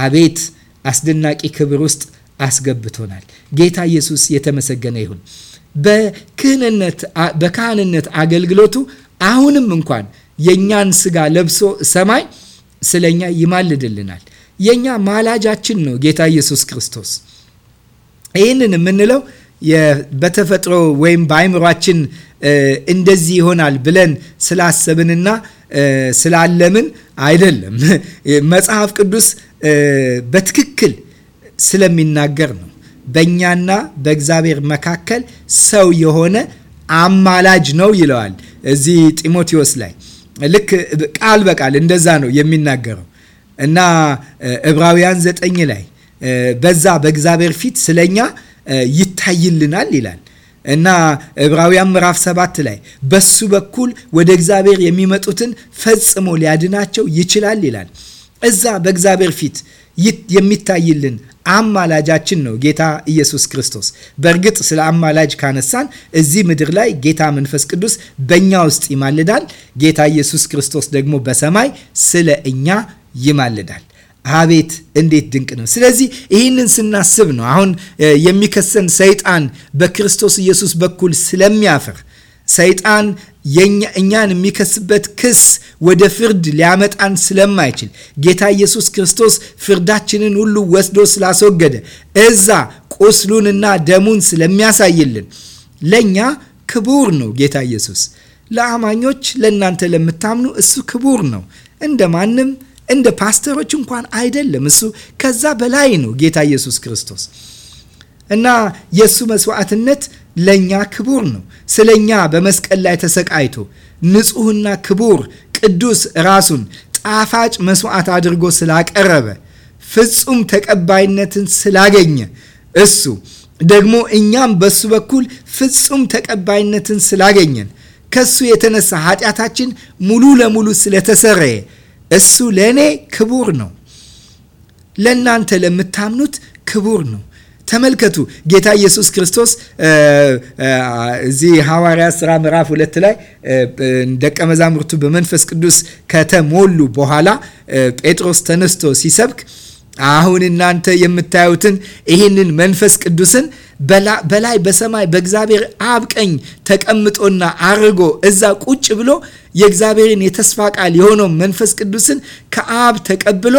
A: አቤት አስደናቂ ክብር ውስጥ አስገብቶናል። ጌታ ኢየሱስ የተመሰገነ ይሁን። በካህንነት አገልግሎቱ አሁንም እንኳን የእኛን ስጋ ለብሶ ሰማይ ስለኛ ይማልድልናል። የእኛ ማላጃችን ነው ጌታ ኢየሱስ ክርስቶስ። ይህንን የምንለው በተፈጥሮ ወይም በአይምሯችን እንደዚህ ይሆናል ብለን ስላሰብንና ስላለምን አይደለም። መጽሐፍ ቅዱስ በትክክል ስለሚናገር ነው። በእኛና በእግዚአብሔር መካከል ሰው የሆነ አማላጅ ነው ይለዋል። እዚህ ጢሞቴዎስ ላይ ልክ ቃል በቃል እንደዛ ነው የሚናገረው እና ዕብራውያን ዘጠኝ ላይ በዛ በእግዚአብሔር ፊት ስለኛ ይታይልናል ይላል እና ዕብራውያን ምዕራፍ ሰባት ላይ በሱ በኩል ወደ እግዚአብሔር የሚመጡትን ፈጽሞ ሊያድናቸው ይችላል ይላል። እዛ በእግዚአብሔር ፊት የሚታይልን አማላጃችን ነው ጌታ ኢየሱስ ክርስቶስ። በእርግጥ ስለ አማላጅ ካነሳን እዚህ ምድር ላይ ጌታ መንፈስ ቅዱስ በእኛ ውስጥ ይማልዳል። ጌታ ኢየሱስ ክርስቶስ ደግሞ በሰማይ ስለ እኛ ይማልዳል። አቤት እንዴት ድንቅ ነው! ስለዚህ ይህንን ስናስብ ነው አሁን የሚከሰን ሰይጣን በክርስቶስ ኢየሱስ በኩል ስለሚያፍር ሰይጣን እኛን የሚከስበት ክስ ወደ ፍርድ ሊያመጣን ስለማይችል ጌታ ኢየሱስ ክርስቶስ ፍርዳችንን ሁሉ ወስዶ ስላስወገደ እዛ ቁስሉንና ደሙን ስለሚያሳይልን ለእኛ ክቡር ነው ጌታ ኢየሱስ ለአማኞች ለእናንተ ለምታምኑ እሱ ክቡር ነው እንደ ማንም እንደ ፓስተሮች እንኳን አይደለም። እሱ ከዛ በላይ ነው ጌታ ኢየሱስ ክርስቶስ እና የእሱ መስዋዕትነት ለእኛ ክቡር ነው። ስለ እኛ በመስቀል ላይ ተሰቃይቶ ንጹሕና ክቡር ቅዱስ ራሱን ጣፋጭ መስዋዕት አድርጎ ስላቀረበ ፍጹም ተቀባይነትን ስላገኘ እሱ ደግሞ እኛም በሱ በኩል ፍጹም ተቀባይነትን ስላገኘን ከሱ የተነሳ ኃጢአታችን ሙሉ ለሙሉ ስለተሰረየ እሱ ለእኔ ክቡር ነው፣ ለእናንተ ለምታምኑት ክቡር ነው። ተመልከቱ ጌታ ኢየሱስ ክርስቶስ እዚህ ሐዋርያ ሥራ ምዕራፍ ሁለት ላይ ደቀ መዛሙርቱ በመንፈስ ቅዱስ ከተሞሉ በኋላ ጴጥሮስ ተነስቶ ሲሰብክ አሁን እናንተ የምታዩትን ይህንን መንፈስ ቅዱስን በላይ በሰማይ በእግዚአብሔር አብ ቀኝ ተቀምጦና አርጎ እዛ ቁጭ ብሎ የእግዚአብሔርን የተስፋ ቃል የሆነው መንፈስ ቅዱስን ከአብ ተቀብሎ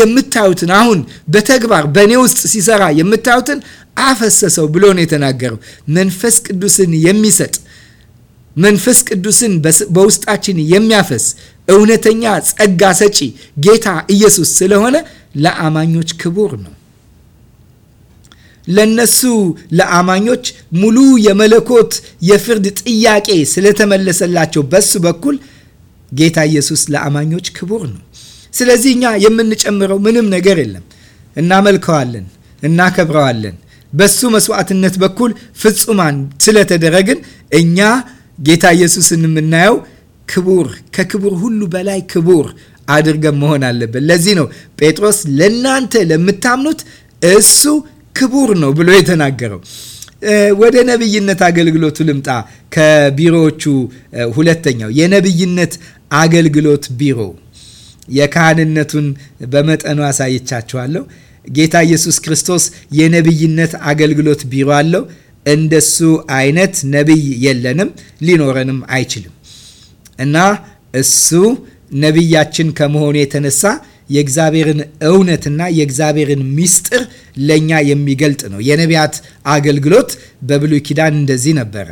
A: የምታዩትን አሁን በተግባር በእኔ ውስጥ ሲሰራ የምታዩትን አፈሰሰው ብሎ ነው የተናገረው። መንፈስ ቅዱስን የሚሰጥ መንፈስ ቅዱስን በውስጣችን የሚያፈስ እውነተኛ ጸጋ ሰጪ ጌታ ኢየሱስ ስለሆነ ለአማኞች ክቡር ነው። ለነሱ ለአማኞች ሙሉ የመለኮት የፍርድ ጥያቄ ስለተመለሰላቸው በሱ በኩል ጌታ ኢየሱስ ለአማኞች ክቡር ነው። ስለዚህ እኛ የምንጨምረው ምንም ነገር የለም። እናመልከዋለን፣ እናከብረዋለን። በሱ መስዋዕትነት በኩል ፍጹማን ስለተደረግን እኛ ጌታ ኢየሱስን የምናየው ክቡር ከክቡር ሁሉ በላይ ክቡር አድርገን መሆን አለብን። ለዚህ ነው ጴጥሮስ ለእናንተ ለምታምኑት እሱ ክቡር ነው ብሎ የተናገረው። ወደ ነብይነት አገልግሎቱ ልምጣ። ከቢሮዎቹ ሁለተኛው የነብይነት አገልግሎት ቢሮ የካህንነቱን በመጠኑ አሳይቻችኋለሁ። ጌታ ኢየሱስ ክርስቶስ የነብይነት አገልግሎት ቢሮ አለው። እንደሱ አይነት ነቢይ የለንም፣ ሊኖረንም አይችልም እና እሱ ነቢያችን ከመሆኑ የተነሳ የእግዚአብሔርን እውነትና የእግዚአብሔርን ምስጢር ለእኛ የሚገልጥ ነው። የነቢያት አገልግሎት በብሉይ ኪዳን እንደዚህ ነበረ።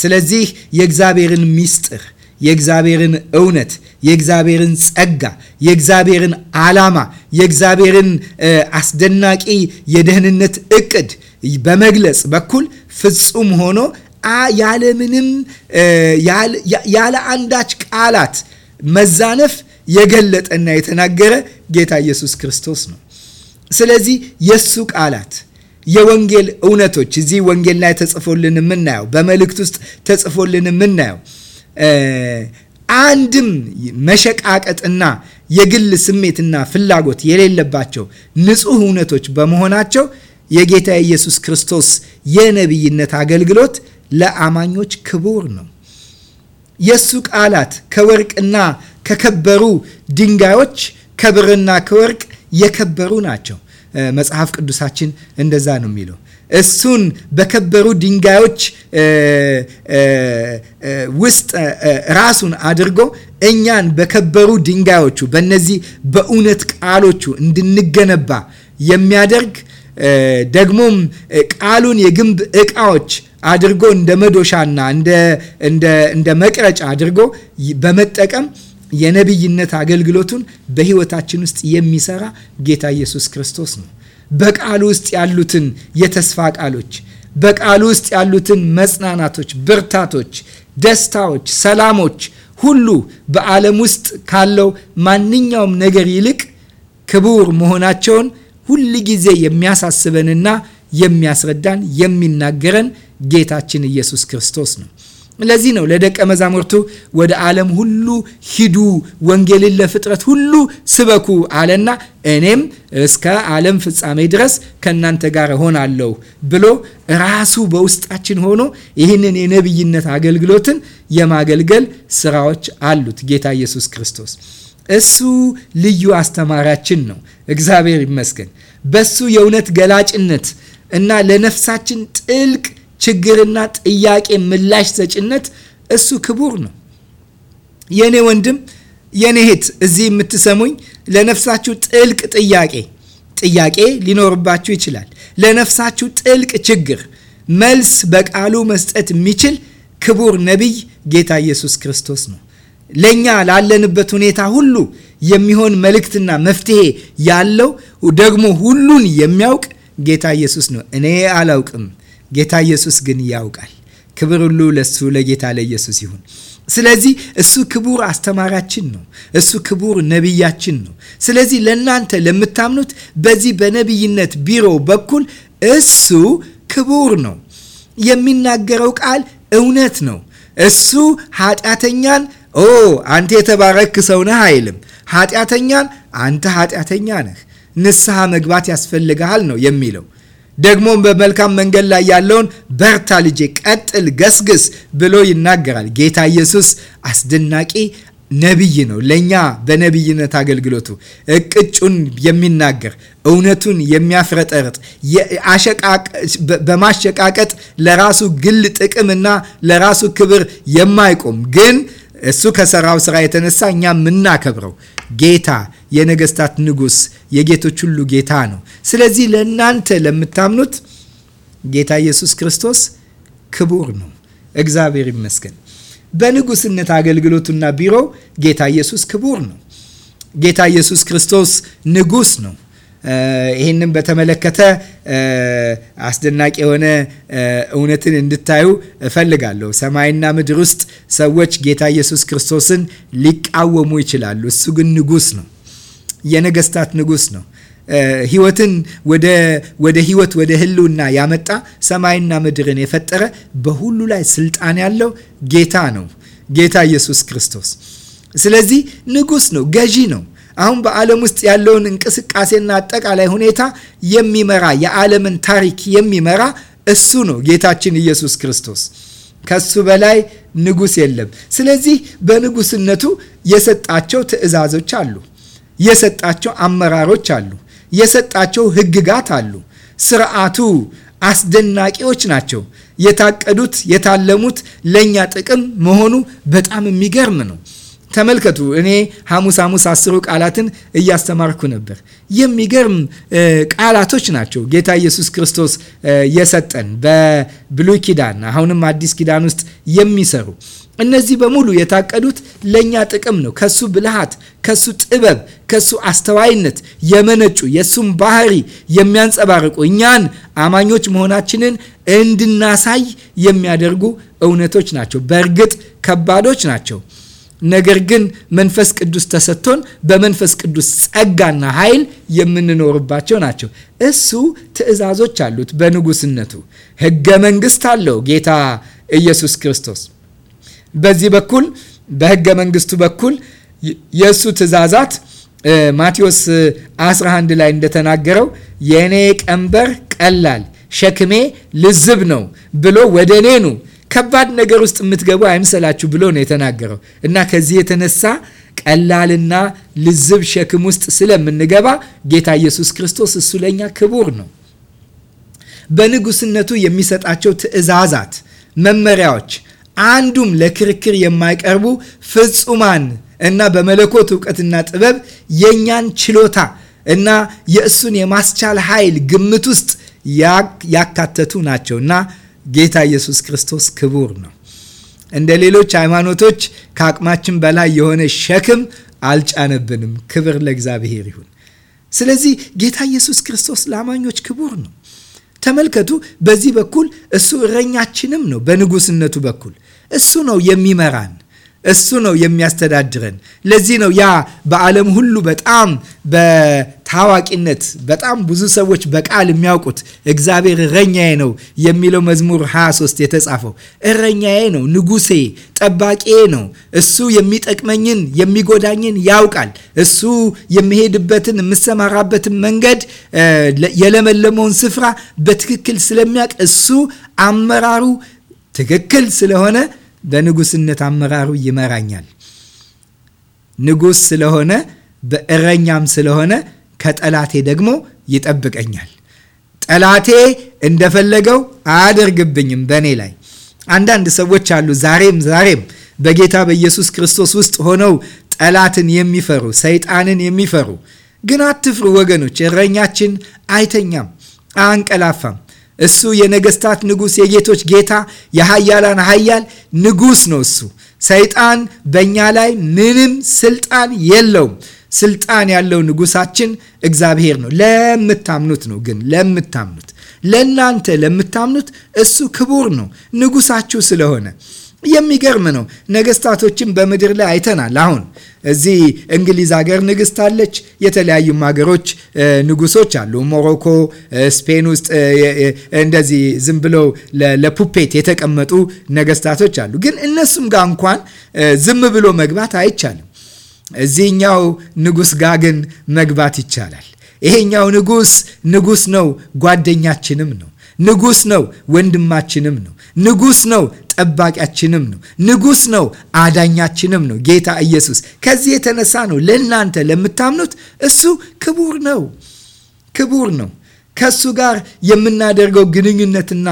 A: ስለዚህ የእግዚአብሔርን ምስጢር፣ የእግዚአብሔርን እውነት፣ የእግዚአብሔርን ጸጋ፣ የእግዚአብሔርን ዓላማ፣ የእግዚአብሔርን አስደናቂ የደህንነት እቅድ በመግለጽ በኩል ፍጹም ሆኖ ያለምንም ያለ አንዳች ቃላት መዛነፍ የገለጠና የተናገረ ጌታ ኢየሱስ ክርስቶስ ነው። ስለዚህ የእሱ ቃላት የወንጌል እውነቶች እዚህ ወንጌል ላይ ተጽፎልን የምናየው በመልእክት ውስጥ ተጽፎልን የምናየው አንድም መሸቃቀጥና የግል ስሜትና ፍላጎት የሌለባቸው ንጹህ እውነቶች በመሆናቸው የጌታ ኢየሱስ ክርስቶስ የነቢይነት አገልግሎት ለአማኞች ክቡር ነው። የእሱ ቃላት ከወርቅና ከከበሩ ድንጋዮች ከብርና ከወርቅ የከበሩ ናቸው። መጽሐፍ ቅዱሳችን እንደዛ ነው የሚለው። እሱን በከበሩ ድንጋዮች ውስጥ ራሱን አድርጎ እኛን በከበሩ ድንጋዮቹ በእነዚህ በእውነት ቃሎቹ እንድንገነባ የሚያደርግ ደግሞም ቃሉን የግንብ እቃዎች አድርጎ እንደ መዶሻና እንደ መቅረጫ አድርጎ በመጠቀም የነቢይነት አገልግሎቱን በህይወታችን ውስጥ የሚሰራ ጌታ ኢየሱስ ክርስቶስ ነው። በቃሉ ውስጥ ያሉትን የተስፋ ቃሎች፣ በቃሉ ውስጥ ያሉትን መጽናናቶች፣ ብርታቶች፣ ደስታዎች፣ ሰላሞች ሁሉ በዓለም ውስጥ ካለው ማንኛውም ነገር ይልቅ ክቡር መሆናቸውን ሁል ጊዜ የሚያሳስበንና የሚያስረዳን የሚናገረን ጌታችን ኢየሱስ ክርስቶስ ነው። ለዚህ ነው ለደቀ መዛሙርቱ ወደ ዓለም ሁሉ ሂዱ፣ ወንጌልን ለፍጥረት ሁሉ ስበኩ አለና እኔም እስከ ዓለም ፍጻሜ ድረስ ከእናንተ ጋር እሆናለሁ ብሎ ራሱ በውስጣችን ሆኖ ይህንን የነቢይነት አገልግሎትን የማገልገል ስራዎች አሉት ጌታ ኢየሱስ ክርስቶስ። እሱ ልዩ አስተማሪያችን ነው። እግዚአብሔር ይመስገን። በሱ የእውነት ገላጭነት እና ለነፍሳችን ጥልቅ ችግርና ጥያቄ ምላሽ ሰጭነት እሱ ክቡር ነው። የእኔ ወንድም የእኔ እህት እዚህ የምትሰሙኝ ለነፍሳችሁ ጥልቅ ጥያቄ ጥያቄ ሊኖርባችሁ ይችላል። ለነፍሳችሁ ጥልቅ ችግር መልስ በቃሉ መስጠት የሚችል ክቡር ነቢይ ጌታ ኢየሱስ ክርስቶስ ነው። ለእኛ ላለንበት ሁኔታ ሁሉ የሚሆን መልእክትና መፍትሄ ያለው ደግሞ ሁሉን የሚያውቅ ጌታ ኢየሱስ ነው። እኔ አላውቅም ጌታ ኢየሱስ ግን ያውቃል። ክብር ሁሉ ለሱ ለጌታ ለኢየሱስ ይሁን። ስለዚህ እሱ ክቡር አስተማሪያችን ነው። እሱ ክቡር ነቢያችን ነው። ስለዚህ ለእናንተ ለምታምኑት በዚህ በነቢይነት ቢሮ በኩል እሱ ክቡር ነው። የሚናገረው ቃል እውነት ነው። እሱ ኃጢአተኛን ኦ አንተ የተባረክ ሰው ነህ አይልም። ኃጢአተኛን አንተ ኃጢአተኛ ነህ፣ ንስሐ መግባት ያስፈልግሃል ነው የሚለው ደግሞ በመልካም መንገድ ላይ ያለውን በርታ ልጄ፣ ቀጥል፣ ገስግስ ብሎ ይናገራል። ጌታ ኢየሱስ አስደናቂ ነቢይ ነው። ለእኛ በነቢይነት አገልግሎቱ እቅጩን የሚናገር እውነቱን የሚያፍረጠርጥ በማሸቃቀጥ ለራሱ ግል ጥቅምና ለራሱ ክብር የማይቆም ግን እሱ ከሰራው ስራ የተነሳ እኛ የምናከብረው ጌታ የነገስታት ንጉስ የጌቶች ሁሉ ጌታ ነው። ስለዚህ ለእናንተ ለምታምኑት ጌታ ኢየሱስ ክርስቶስ ክቡር ነው። እግዚአብሔር ይመስገን። በንጉስነት አገልግሎቱና ቢሮ ጌታ ኢየሱስ ክቡር ነው። ጌታ ኢየሱስ ክርስቶስ ንጉስ ነው። ይህንም በተመለከተ አስደናቂ የሆነ እውነትን እንድታዩ እፈልጋለሁ። ሰማይና ምድር ውስጥ ሰዎች ጌታ ኢየሱስ ክርስቶስን ሊቃወሙ ይችላሉ። እሱ ግን ንጉስ ነው። የነገስታት ንጉስ ነው። ህይወትን ወደ ህይወት ወደ ህልውና ያመጣ ሰማይና ምድርን የፈጠረ በሁሉ ላይ ስልጣን ያለው ጌታ ነው ጌታ ኢየሱስ ክርስቶስ። ስለዚህ ንጉስ ነው፣ ገዢ ነው አሁን በዓለም ውስጥ ያለውን እንቅስቃሴና አጠቃላይ ሁኔታ የሚመራ የዓለምን ታሪክ የሚመራ እሱ ነው ጌታችን ኢየሱስ ክርስቶስ። ከሱ በላይ ንጉስ የለም። ስለዚህ በንጉስነቱ የሰጣቸው ትእዛዞች አሉ፣ የሰጣቸው አመራሮች አሉ፣ የሰጣቸው ህግጋት አሉ። ስርዓቱ አስደናቂዎች ናቸው። የታቀዱት የታለሙት ለእኛ ጥቅም መሆኑ በጣም የሚገርም ነው። ተመልከቱ እኔ ሐሙስ ሐሙስ አስሩ ቃላትን እያስተማርኩ ነበር። የሚገርም ቃላቶች ናቸው ጌታ ኢየሱስ ክርስቶስ የሰጠን በብሉይ ኪዳን አሁንም አዲስ ኪዳን ውስጥ የሚሰሩ እነዚህ በሙሉ የታቀዱት ለእኛ ጥቅም ነው። ከሱ ብልሃት፣ ከሱ ጥበብ፣ ከሱ አስተዋይነት የመነጩ የእሱም ባህሪ የሚያንጸባርቁ እኛን አማኞች መሆናችንን እንድናሳይ የሚያደርጉ እውነቶች ናቸው። በእርግጥ ከባዶች ናቸው። ነገር ግን መንፈስ ቅዱስ ተሰጥቶን በመንፈስ ቅዱስ ጸጋና ኃይል የምንኖርባቸው ናቸው። እሱ ትእዛዞች አሉት። በንጉስነቱ ህገ መንግስት አለው ጌታ ኢየሱስ ክርስቶስ። በዚህ በኩል በህገ መንግስቱ በኩል የእሱ ትእዛዛት ማቴዎስ 11 ላይ እንደተናገረው የእኔ ቀንበር ቀላል ሸክሜ ልዝብ ነው ብሎ ወደ እኔ ኑ ከባድ ነገር ውስጥ የምትገቡ አይምሰላችሁ ብሎ ነው የተናገረው እና ከዚህ የተነሳ ቀላልና ልዝብ ሸክም ውስጥ ስለምንገባ ጌታ ኢየሱስ ክርስቶስ እሱ ለእኛ ክቡር ነው። በንጉስነቱ የሚሰጣቸው ትእዛዛት፣ መመሪያዎች አንዱም ለክርክር የማይቀርቡ ፍጹማን እና በመለኮት እውቀትና ጥበብ የእኛን ችሎታ እና የእሱን የማስቻል ኃይል ግምት ውስጥ ያካተቱ ናቸው እና ጌታ ኢየሱስ ክርስቶስ ክቡር ነው። እንደ ሌሎች ሃይማኖቶች ከአቅማችን በላይ የሆነ ሸክም አልጫነብንም። ክብር ለእግዚአብሔር ይሁን። ስለዚህ ጌታ ኢየሱስ ክርስቶስ ለአማኞች ክቡር ነው። ተመልከቱ። በዚህ በኩል እሱ እረኛችንም ነው። በንጉስነቱ በኩል እሱ ነው የሚመራን፣ እሱ ነው የሚያስተዳድረን። ለዚህ ነው ያ በዓለም ሁሉ በጣም ታዋቂነት በጣም ብዙ ሰዎች በቃል የሚያውቁት እግዚአብሔር እረኛዬ ነው የሚለው መዝሙር 23 የተጻፈው እረኛዬ ነው፣ ንጉሴ፣ ጠባቂዬ ነው። እሱ የሚጠቅመኝን የሚጎዳኝን ያውቃል። እሱ የሚሄድበትን የምሰማራበትን መንገድ የለመለመውን ስፍራ በትክክል ስለሚያውቅ እሱ አመራሩ ትክክል ስለሆነ በንጉስነት አመራሩ ይመራኛል። ንጉስ ስለሆነ በእረኛም ስለሆነ ከጠላቴ ደግሞ ይጠብቀኛል። ጠላቴ እንደፈለገው አያደርግብኝም በእኔ ላይ። አንዳንድ ሰዎች አሉ ዛሬም ዛሬም በጌታ በኢየሱስ ክርስቶስ ውስጥ ሆነው ጠላትን የሚፈሩ ሰይጣንን የሚፈሩ ግን አትፍሩ ወገኖች፣ እረኛችን አይተኛም፣ አያንቀላፋም። እሱ የነገስታት ንጉሥ፣ የጌቶች ጌታ፣ የሀያላን ሀያል ንጉሥ ነው። እሱ ሰይጣን በእኛ ላይ ምንም ስልጣን የለውም። ስልጣን ያለው ንጉሳችን እግዚአብሔር ነው። ለምታምኑት ነው ግን ለምታምኑት ለእናንተ ለምታምኑት እሱ ክቡር ነው ንጉሳችሁ ስለሆነ የሚገርም ነው። ነገስታቶችን በምድር ላይ አይተናል። አሁን እዚህ እንግሊዝ ሀገር ንግስት አለች። የተለያዩም ሀገሮች ንጉሶች አሉ። ሞሮኮ፣ ስፔን ውስጥ እንደዚህ ዝም ብለው ለፑፔት የተቀመጡ ነገስታቶች አሉ። ግን እነሱም ጋር እንኳን ዝም ብሎ መግባት አይቻልም። እዚህኛው ንጉስ ጋ ግን መግባት ይቻላል። ይሄኛው ንጉስ ንጉስ ነው፣ ጓደኛችንም ነው። ንጉስ ነው፣ ወንድማችንም ነው። ንጉስ ነው፣ ጠባቂያችንም ነው። ንጉስ ነው፣ አዳኛችንም ነው። ጌታ ኢየሱስ ከዚህ የተነሳ ነው ለእናንተ ለምታምኑት እሱ ክቡር ነው፣ ክቡር ነው። ከሱ ጋር የምናደርገው ግንኙነትና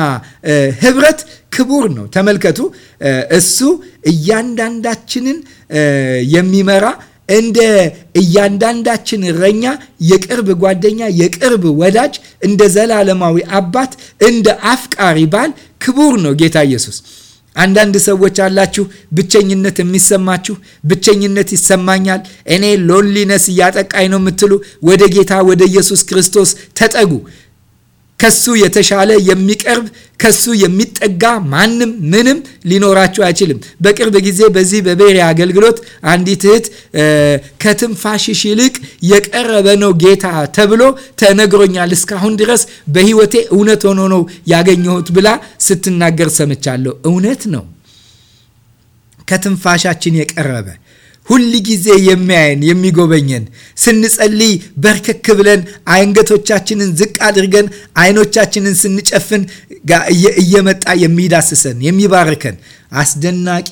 A: ህብረት ክቡር ነው። ተመልከቱ፣ እሱ እያንዳንዳችንን የሚመራ እንደ እያንዳንዳችን እረኛ፣ የቅርብ ጓደኛ፣ የቅርብ ወዳጅ፣ እንደ ዘላለማዊ አባት፣ እንደ አፍቃሪ ባል ክቡር ነው ጌታ ኢየሱስ። አንዳንድ ሰዎች አላችሁ፣ ብቸኝነት የሚሰማችሁ ብቸኝነት ይሰማኛል፣ እኔ ሎንሊነስ እያጠቃኝ ነው የምትሉ ወደ ጌታ ወደ ኢየሱስ ክርስቶስ ተጠጉ። ከሱ የተሻለ የሚቀርብ ከሱ የሚጠጋ ማንም ምንም ሊኖራቸው አይችልም። በቅርብ ጊዜ በዚህ በቤሪ አገልግሎት አንዲት እህት ከትንፋሽሽ ይልቅ የቀረበ ነው ጌታ ተብሎ ተነግሮኛል፣ እስካሁን ድረስ በህይወቴ እውነት ሆኖ ነው ያገኘሁት ብላ ስትናገር ሰምቻለሁ። እውነት ነው። ከትንፋሻችን የቀረበ ሁል ጊዜ የሚያየን የሚጎበኘን፣ ስንጸልይ በርከክ ብለን አንገቶቻችንን ዝቅ አድርገን አይኖቻችንን ስንጨፍን እየመጣ የሚዳስሰን የሚባርከን አስደናቂ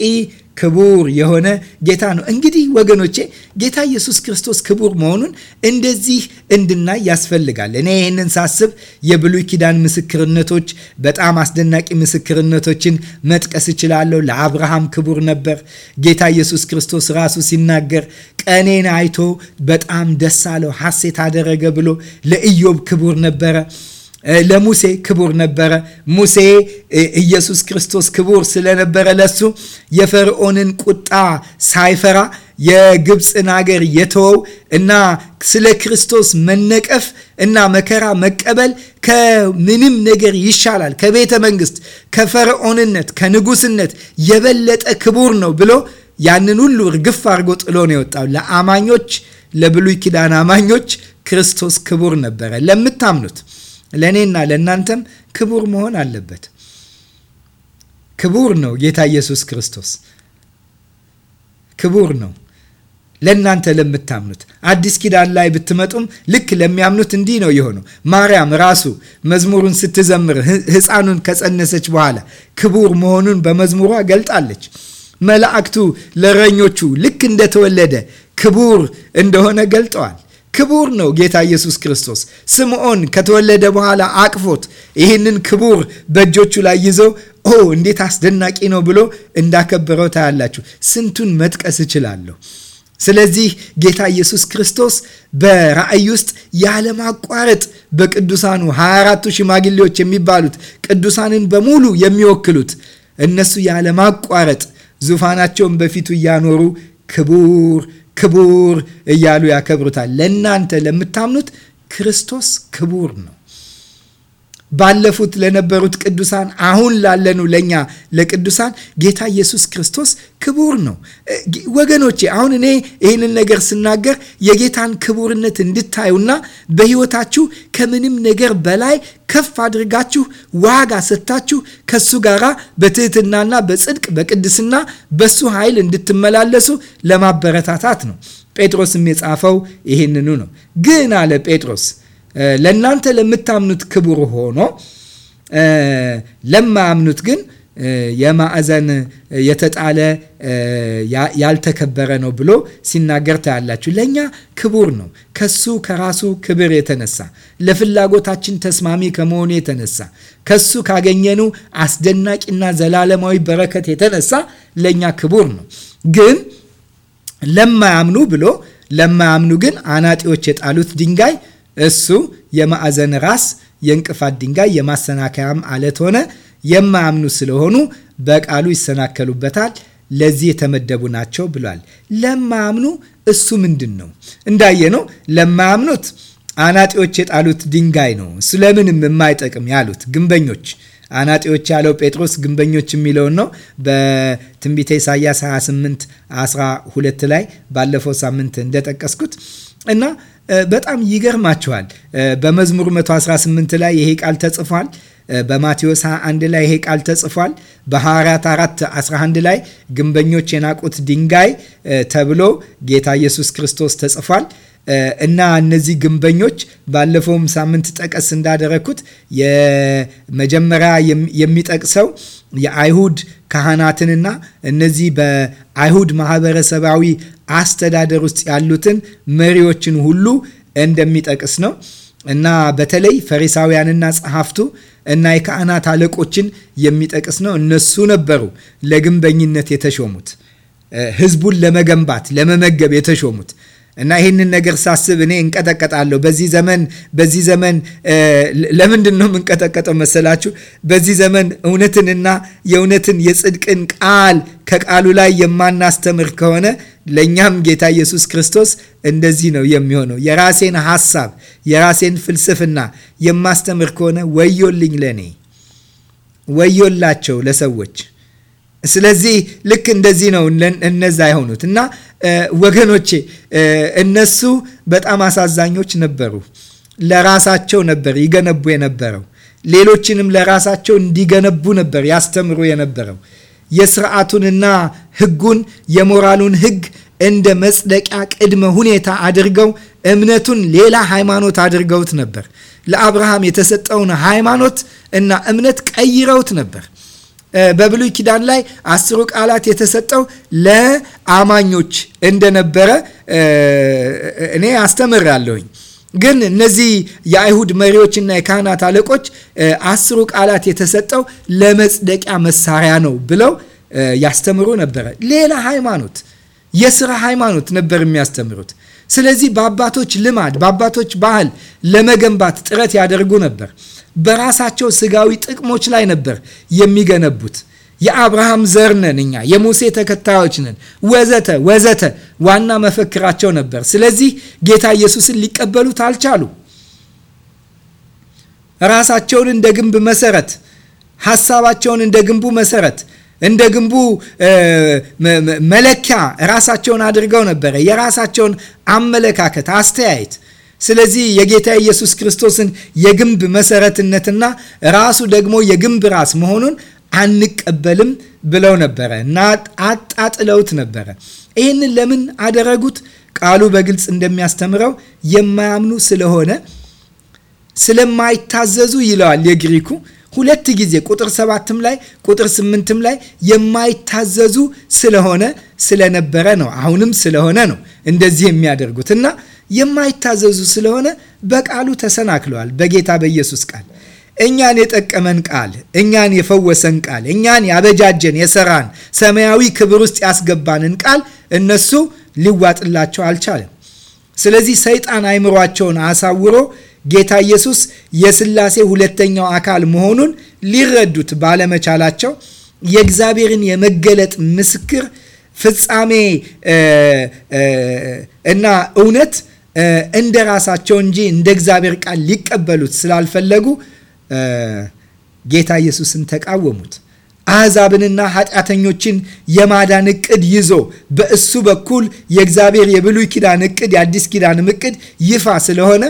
A: ክቡር የሆነ ጌታ ነው። እንግዲህ ወገኖቼ ጌታ ኢየሱስ ክርስቶስ ክቡር መሆኑን እንደዚህ እንድናይ ያስፈልጋል። እኔ ይህንን ሳስብ የብሉይ ኪዳን ምስክርነቶች በጣም አስደናቂ ምስክርነቶችን መጥቀስ እችላለሁ። ለአብርሃም ክቡር ነበር። ጌታ ኢየሱስ ክርስቶስ ራሱ ሲናገር ቀኔን አይቶ በጣም ደስ አለው፣ ሐሴት አደረገ ብሎ ለኢዮብ ክቡር ነበረ። ለሙሴ ክቡር ነበረ። ሙሴ ኢየሱስ ክርስቶስ ክቡር ስለነበረ ለሱ የፈርዖንን ቁጣ ሳይፈራ የግብፅን ሀገር የተወው እና ስለ ክርስቶስ መነቀፍ እና መከራ መቀበል ከምንም ነገር ይሻላል፣ ከቤተ መንግስት፣ ከፈርዖንነት፣ ከንጉስነት የበለጠ ክቡር ነው ብሎ ያንን ሁሉ እርግፍ አድርጎ ጥሎ ነው የወጣው። ለአማኞች ለብሉይ ኪዳን አማኞች ክርስቶስ ክቡር ነበረ ለምታምኑት ለእኔና ለእናንተም ክቡር መሆን አለበት። ክቡር ነው ጌታ ኢየሱስ ክርስቶስ ክቡር ነው ለእናንተ ለምታምኑት። አዲስ ኪዳን ላይ ብትመጡም ልክ ለሚያምኑት እንዲህ ነው የሆነው። ማርያም ራሱ መዝሙሩን ስትዘምር ሕፃኑን ከጸነሰች በኋላ ክቡር መሆኑን በመዝሙሯ ገልጣለች። መላእክቱ ለረኞቹ ልክ እንደተወለደ ክቡር እንደሆነ ገልጠዋል። ክቡር ነው ጌታ ኢየሱስ ክርስቶስ። ስምዖን ከተወለደ በኋላ አቅፎት ይህንን ክቡር በእጆቹ ላይ ይዘው ኦ እንዴት አስደናቂ ነው ብሎ እንዳከበረው ታያላችሁ። ስንቱን መጥቀስ እችላለሁ። ስለዚህ ጌታ ኢየሱስ ክርስቶስ በራእይ ውስጥ ያለማቋረጥ በቅዱሳኑ 24ቱ ሽማግሌዎች የሚባሉት ቅዱሳንን በሙሉ የሚወክሉት እነሱ ያለማቋረጥ ዙፋናቸውን በፊቱ እያኖሩ ክቡር ክቡር እያሉ ያከብሩታል። ለእናንተ ለምታምኑት ክርስቶስ ክቡር ነው። ባለፉት ለነበሩት ቅዱሳን፣ አሁን ላለኑ ለእኛ ለቅዱሳን ጌታ ኢየሱስ ክርስቶስ ክቡር ነው። ወገኖቼ አሁን እኔ ይህንን ነገር ስናገር የጌታን ክቡርነት እንድታዩና በሕይወታችሁ ከምንም ነገር በላይ ከፍ አድርጋችሁ ዋጋ ሰጥታችሁ ከሱ ጋር በትህትናና በጽድቅ በቅድስና በሱ ኃይል እንድትመላለሱ ለማበረታታት ነው። ጴጥሮስም የጻፈው ይህንኑ ነው። ግን አለ ጴጥሮስ ለእናንተ ለምታምኑት ክቡር ሆኖ ለማያምኑት ግን የማዕዘን የተጣለ ያልተከበረ ነው ብሎ ሲናገር ታያላችሁ። ለእኛ ክቡር ነው ከሱ ከራሱ ክብር የተነሳ ለፍላጎታችን ተስማሚ ከመሆኑ የተነሳ ከሱ ካገኘኑ አስደናቂና ዘላለማዊ በረከት የተነሳ ለእኛ ክቡር ነው። ግን ለማያምኑ ብሎ ለማያምኑ ግን አናጢዎች የጣሉት ድንጋይ እሱ የማዕዘን ራስ፣ የእንቅፋት ድንጋይ፣ የማሰናከያም አለት ሆነ። የማያምኑ ስለሆኑ በቃሉ ይሰናከሉበታል፣ ለዚህ የተመደቡ ናቸው ብሏል። ለማያምኑ እሱ ምንድን ነው? ነው። ለማያምኑት አናጢዎች የጣሉት ድንጋይ ነው። ስለምንም የማይጠቅም ያሉት ግንበኞች አናጢዎች ያለው ጴጥሮስ ግንበኞች የሚለውን ነው። በትንቢተ ኢሳያስ 28 12 ላይ ባለፈው ሳምንት እንደጠቀስኩት እና በጣም ይገርማቸዋል። በመዝሙር 118 ላይ ይሄ ቃል ተጽፏል። በማቴዎስ 21 ላይ ይሄ ቃል ተጽፏል። በሐዋርያት 4 11 ላይ ግንበኞች የናቁት ድንጋይ ተብሎ ጌታ ኢየሱስ ክርስቶስ ተጽፏል። እና እነዚህ ግንበኞች ባለፈውም ሳምንት ጠቀስ እንዳደረግኩት የመጀመሪያ የሚጠቅሰው የአይሁድ ካህናትንና እነዚህ በአይሁድ ማህበረሰባዊ አስተዳደር ውስጥ ያሉትን መሪዎችን ሁሉ እንደሚጠቅስ ነው እና በተለይ ፈሪሳውያንና ጸሐፍቱ እና የካህናት አለቆችን የሚጠቅስ ነው። እነሱ ነበሩ ለግንበኝነት የተሾሙት፣ ህዝቡን ለመገንባት ለመመገብ የተሾሙት እና ይህንን ነገር ሳስብ እኔ እንቀጠቀጣለሁ። በዚህ ዘመን በዚህ ዘመን ለምንድን ነው የምንቀጠቀጠው መሰላችሁ? በዚህ ዘመን እውነትንና የእውነትን የጽድቅን ቃል ከቃሉ ላይ የማናስተምር ከሆነ ለእኛም ጌታ ኢየሱስ ክርስቶስ እንደዚህ ነው የሚሆነው። የራሴን ሐሳብ የራሴን ፍልስፍና የማስተምር ከሆነ ወዮልኝ፣ ለእኔ ወዮላቸው ለሰዎች ስለዚህ ልክ እንደዚህ ነው እነዛ የሆኑት እና ወገኖቼ እነሱ በጣም አሳዛኞች ነበሩ። ለራሳቸው ነበር ይገነቡ የነበረው። ሌሎችንም ለራሳቸው እንዲገነቡ ነበር ያስተምሩ የነበረው። የስርዓቱንና ሕጉን የሞራሉን ሕግ እንደ መጽደቂያ ቅድመ ሁኔታ አድርገው እምነቱን ሌላ ሃይማኖት አድርገውት ነበር። ለአብርሃም የተሰጠውን ሃይማኖት እና እምነት ቀይረውት ነበር። በብሉይ ኪዳን ላይ አስሩ ቃላት የተሰጠው ለአማኞች እንደነበረ እኔ አስተምራለሁኝ። ግን እነዚህ የአይሁድ መሪዎችና የካህናት አለቆች አስሩ ቃላት የተሰጠው ለመጽደቂያ መሳሪያ ነው ብለው ያስተምሩ ነበረ። ሌላ ሃይማኖት፣ የስራ ሃይማኖት ነበር የሚያስተምሩት። ስለዚህ በአባቶች ልማድ፣ በአባቶች ባህል ለመገንባት ጥረት ያደርጉ ነበር። በራሳቸው ስጋዊ ጥቅሞች ላይ ነበር የሚገነቡት። የአብርሃም ዘር ነን እኛ፣ የሙሴ ተከታዮች ነን፣ ወዘተ ወዘተ ዋና መፈክራቸው ነበር። ስለዚህ ጌታ ኢየሱስን ሊቀበሉት አልቻሉ። ራሳቸውን እንደ ግንብ መሰረት፣ ሀሳባቸውን እንደ ግንቡ መሰረት፣ እንደ ግንቡ መለኪያ ራሳቸውን አድርገው ነበረ። የራሳቸውን አመለካከት፣ አስተያየት ስለዚህ የጌታ ኢየሱስ ክርስቶስን የግንብ መሰረትነትና ራሱ ደግሞ የግንብ ራስ መሆኑን አንቀበልም ብለው ነበረ እና አጣጥለውት ነበረ። ይህንን ለምን አደረጉት? ቃሉ በግልጽ እንደሚያስተምረው የማያምኑ ስለሆነ ስለማይታዘዙ ይለዋል የግሪኩ ሁለት ጊዜ ቁጥር ሰባትም ላይ ቁጥር ስምንትም ላይ የማይታዘዙ ስለሆነ ስለነበረ ነው። አሁንም ስለሆነ ነው እንደዚህ የሚያደርጉት እና የማይታዘዙ ስለሆነ በቃሉ ተሰናክለዋል። በጌታ በኢየሱስ ቃል እኛን የጠቀመን ቃል፣ እኛን የፈወሰን ቃል፣ እኛን ያበጃጀን የሰራን ሰማያዊ ክብር ውስጥ ያስገባንን ቃል እነሱ ሊዋጥላቸው አልቻለም። ስለዚህ ሰይጣን አይምሯቸውን አሳውሮ ጌታ ኢየሱስ የስላሴ ሁለተኛው አካል መሆኑን ሊረዱት ባለመቻላቸው የእግዚአብሔርን የመገለጥ ምስክር ፍጻሜ እና እውነት እንደ ራሳቸው እንጂ እንደ እግዚአብሔር ቃል ሊቀበሉት ስላልፈለጉ ጌታ ኢየሱስን ተቃወሙት። አሕዛብንና ኃጢአተኞችን የማዳን እቅድ ይዞ በእሱ በኩል የእግዚአብሔር የብሉይ ኪዳን እቅድ የአዲስ ኪዳንም እቅድ ይፋ ስለሆነ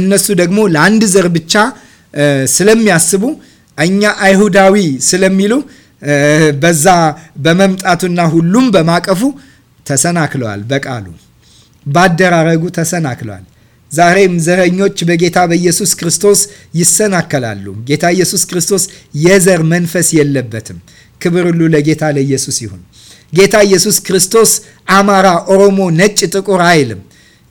A: እነሱ ደግሞ ለአንድ ዘር ብቻ ስለሚያስቡ እኛ አይሁዳዊ ስለሚሉ በዛ በመምጣቱና ሁሉም በማቀፉ ተሰናክለዋል በቃሉ ባደራረጉ ተሰናክሏል። ዛሬም ዘረኞች በጌታ በኢየሱስ ክርስቶስ ይሰናከላሉ። ጌታ ኢየሱስ ክርስቶስ የዘር መንፈስ የለበትም። ክብር ሁሉ ለጌታ ለኢየሱስ ይሁን። ጌታ ኢየሱስ ክርስቶስ አማራ፣ ኦሮሞ፣ ነጭ፣ ጥቁር አይልም።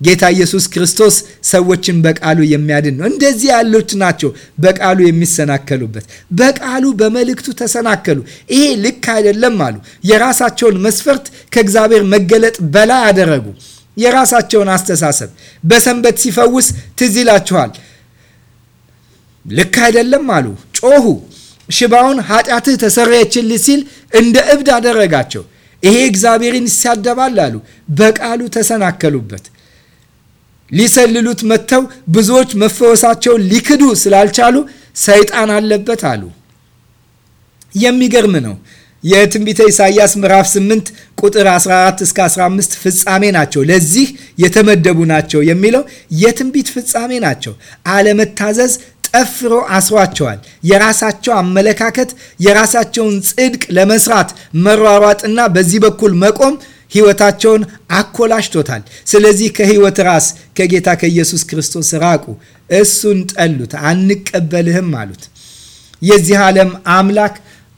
A: ጌታ ኢየሱስ ክርስቶስ ሰዎችን በቃሉ የሚያድን ነው። እንደዚህ ያሉት ናቸው በቃሉ የሚሰናከሉበት። በቃሉ በመልእክቱ ተሰናከሉ። ይሄ ልክ አይደለም አሉ። የራሳቸውን መስፈርት ከእግዚአብሔር መገለጥ በላይ አደረጉ። የራሳቸውን አስተሳሰብ በሰንበት ሲፈውስ ትዝ ይላችኋል። ልክ አይደለም አሉ፣ ጮሁ። ሽባውን ኃጢአትህ ተሰረየችልህ ሲል እንደ እብድ አደረጋቸው። ይሄ እግዚአብሔርን ይሳደባል አሉ። በቃሉ ተሰናከሉበት። ሊሰልሉት መጥተው ብዙዎች መፈወሳቸውን ሊክዱ ስላልቻሉ ሰይጣን አለበት አሉ። የሚገርም ነው። የትንቢተ ኢሳይያስ ምዕራፍ 8 ቁጥር 14 እስከ 15 ፍጻሜ ናቸው፣ ለዚህ የተመደቡ ናቸው የሚለው የትንቢት ፍጻሜ ናቸው። አለመታዘዝ ጠፍሮ አስሯቸዋል። የራሳቸው አመለካከት፣ የራሳቸውን ጽድቅ ለመስራት መሯሯጥና በዚህ በኩል መቆም ህይወታቸውን አኮላሽቶታል። ስለዚህ ከህይወት ራስ ከጌታ ከኢየሱስ ክርስቶስ ራቁ፣ እሱን ጠሉት፣ አንቀበልህም አሉት። የዚህ ዓለም አምላክ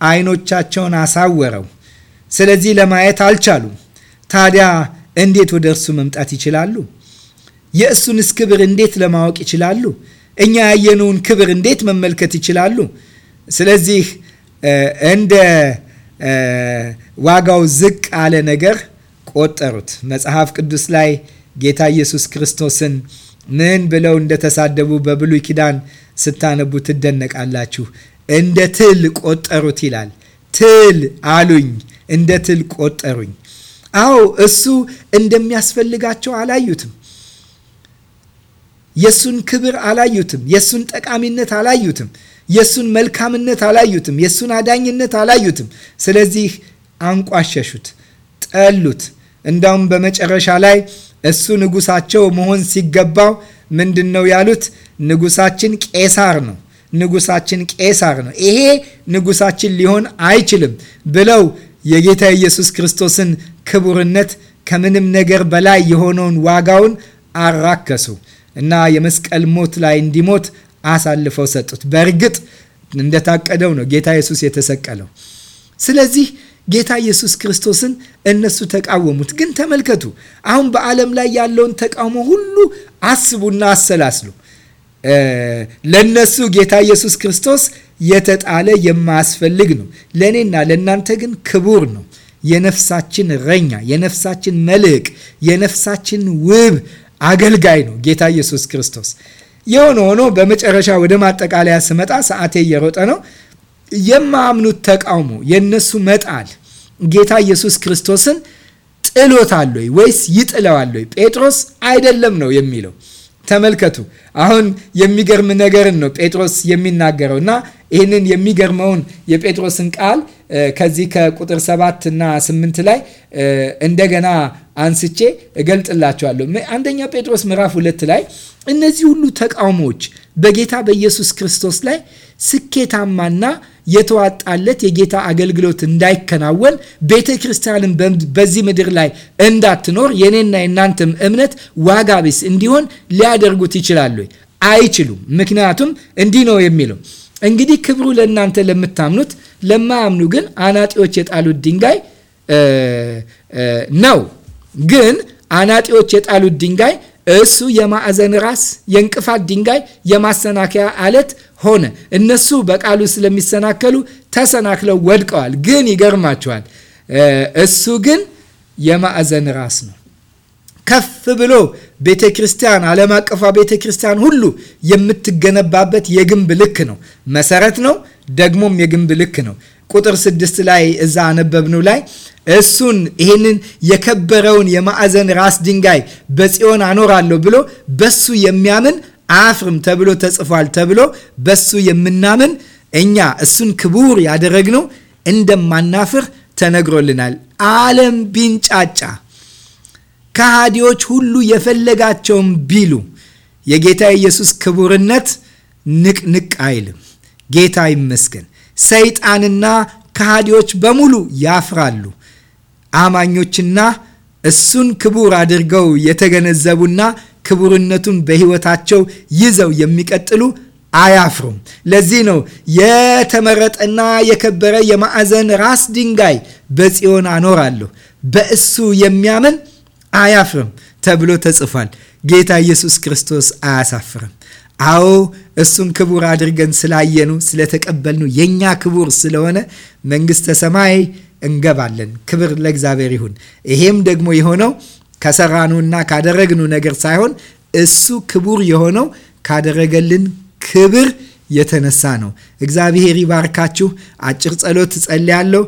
A: አይኖቻቸውን አሳወረው። ስለዚህ ለማየት አልቻሉም። ታዲያ እንዴት ወደ እርሱ መምጣት ይችላሉ? የእሱንስ ክብር እንዴት ለማወቅ ይችላሉ? እኛ ያየነውን ክብር እንዴት መመልከት ይችላሉ? ስለዚህ እንደ ዋጋው ዝቅ አለ ነገር ቆጠሩት። መጽሐፍ ቅዱስ ላይ ጌታ ኢየሱስ ክርስቶስን ምን ብለው እንደተሳደቡ በብሉይ ኪዳን ስታነቡ ትደነቃላችሁ። እንደ ትል ቆጠሩት ይላል። ትል አሉኝ፣ እንደ ትል ቆጠሩኝ። አዎ እሱ እንደሚያስፈልጋቸው አላዩትም። የእሱን ክብር አላዩትም። የእሱን ጠቃሚነት አላዩትም። የእሱን መልካምነት አላዩትም። የእሱን አዳኝነት አላዩትም። ስለዚህ አንቋሸሹት፣ ጠሉት። እንዳውም በመጨረሻ ላይ እሱ ንጉሳቸው መሆን ሲገባው ምንድን ነው ያሉት? ንጉሳችን ቄሳር ነው ንጉሳችን ቄሳር ነው፣ ይሄ ንጉሳችን ሊሆን አይችልም ብለው የጌታ ኢየሱስ ክርስቶስን ክቡርነት ከምንም ነገር በላይ የሆነውን ዋጋውን አራከሱ እና የመስቀል ሞት ላይ እንዲሞት አሳልፈው ሰጡት። በእርግጥ እንደታቀደው ነው ጌታ ኢየሱስ የተሰቀለው። ስለዚህ ጌታ ኢየሱስ ክርስቶስን እነሱ ተቃወሙት። ግን ተመልከቱ አሁን በዓለም ላይ ያለውን ተቃውሞ ሁሉ አስቡና አሰላስሉ። ለነሱ ጌታ ኢየሱስ ክርስቶስ የተጣለ የማያስፈልግ ነው። ለእኔና ለእናንተ ግን ክቡር ነው። የነፍሳችን እረኛ፣ የነፍሳችን መልሕቅ፣ የነፍሳችን ውብ አገልጋይ ነው ጌታ ኢየሱስ ክርስቶስ። የሆነ ሆኖ በመጨረሻ ወደ ማጠቃለያ ስመጣ ሰዓቴ እየሮጠ ነው። የማያምኑት ተቃውሞ፣ የነሱ መጣል ጌታ ኢየሱስ ክርስቶስን ጥሎታል ወይ ወይስ ይጥለዋል ወይ? ጴጥሮስ አይደለም ነው የሚለው ተመልከቱ። አሁን የሚገርም ነገርን ነው ጴጥሮስ የሚናገረው እና ይህንን የሚገርመውን የጴጥሮስን ቃል ከዚህ ከቁጥር ሰባት እና ስምንት ላይ እንደገና አንስቼ እገልጥላቸዋለሁ። አንደኛ ጴጥሮስ ምዕራፍ ሁለት ላይ እነዚህ ሁሉ ተቃውሞዎች በጌታ በኢየሱስ ክርስቶስ ላይ ስኬታማና የተዋጣለት የጌታ አገልግሎት እንዳይከናወን ቤተ ክርስቲያንም በዚህ ምድር ላይ እንዳትኖር የኔና የናንተም እምነት ዋጋ ቢስ እንዲሆን ሊያደርጉት ይችላሉ? አይችሉም። ምክንያቱም እንዲህ ነው የሚለው እንግዲህ ክብሩ ለእናንተ ለምታምኑት፣ ለማያምኑ ግን አናጢዎች የጣሉት ድንጋይ ነው። ግን አናጢዎች የጣሉት ድንጋይ እሱ የማዕዘን ራስ፣ የእንቅፋት ድንጋይ፣ የማሰናከያ አለት ሆነ። እነሱ በቃሉ ስለሚሰናከሉ ተሰናክለው ወድቀዋል። ግን ይገርማቸዋል። እሱ ግን የማዕዘን ራስ ነው። ከፍ ብሎ ቤተ ክርስቲያን ዓለም አቀፏ ቤተ ክርስቲያን ሁሉ የምትገነባበት የግንብ ልክ ነው። መሰረት ነው፣ ደግሞም የግንብ ልክ ነው። ቁጥር ስድስት ላይ እዛ አነበብነው ላይ እሱን ይህንን የከበረውን የማዕዘን ራስ ድንጋይ በጽዮን አኖራለሁ ብሎ በሱ የሚያምን አያፍርም ተብሎ ተጽፏል ተብሎ በሱ የምናምን እኛ እሱን ክቡር ያደረግነው እንደማናፍር ተነግሮልናል። ዓለም ቢንጫጫ ከሃዲዎች ሁሉ የፈለጋቸውን ቢሉ የጌታ ኢየሱስ ክቡርነት ንቅንቅ አይልም። ጌታ ይመስገን። ሰይጣንና ከሃዲዎች በሙሉ ያፍራሉ። አማኞችና እሱን ክቡር አድርገው የተገነዘቡና ክቡርነቱን በሕይወታቸው ይዘው የሚቀጥሉ አያፍሩም። ለዚህ ነው የተመረጠና የከበረ የማዕዘን ራስ ድንጋይ በጽዮን አኖራለሁ፣ በእሱ የሚያምን አያፍርም ተብሎ ተጽፏል። ጌታ ኢየሱስ ክርስቶስ አያሳፍርም። አዎ እሱን ክቡር አድርገን ስላየኑ ስለተቀበልኑ የእኛ ክቡር ስለሆነ መንግሥተ ሰማይ እንገባለን። ክብር ለእግዚአብሔር ይሁን። ይሄም ደግሞ የሆነው ከሰራኑና ካደረግኑ ነገር ሳይሆን እሱ ክቡር የሆነው ካደረገልን ክብር የተነሳ ነው። እግዚአብሔር ይባርካችሁ። አጭር ጸሎት እጸልያለሁ።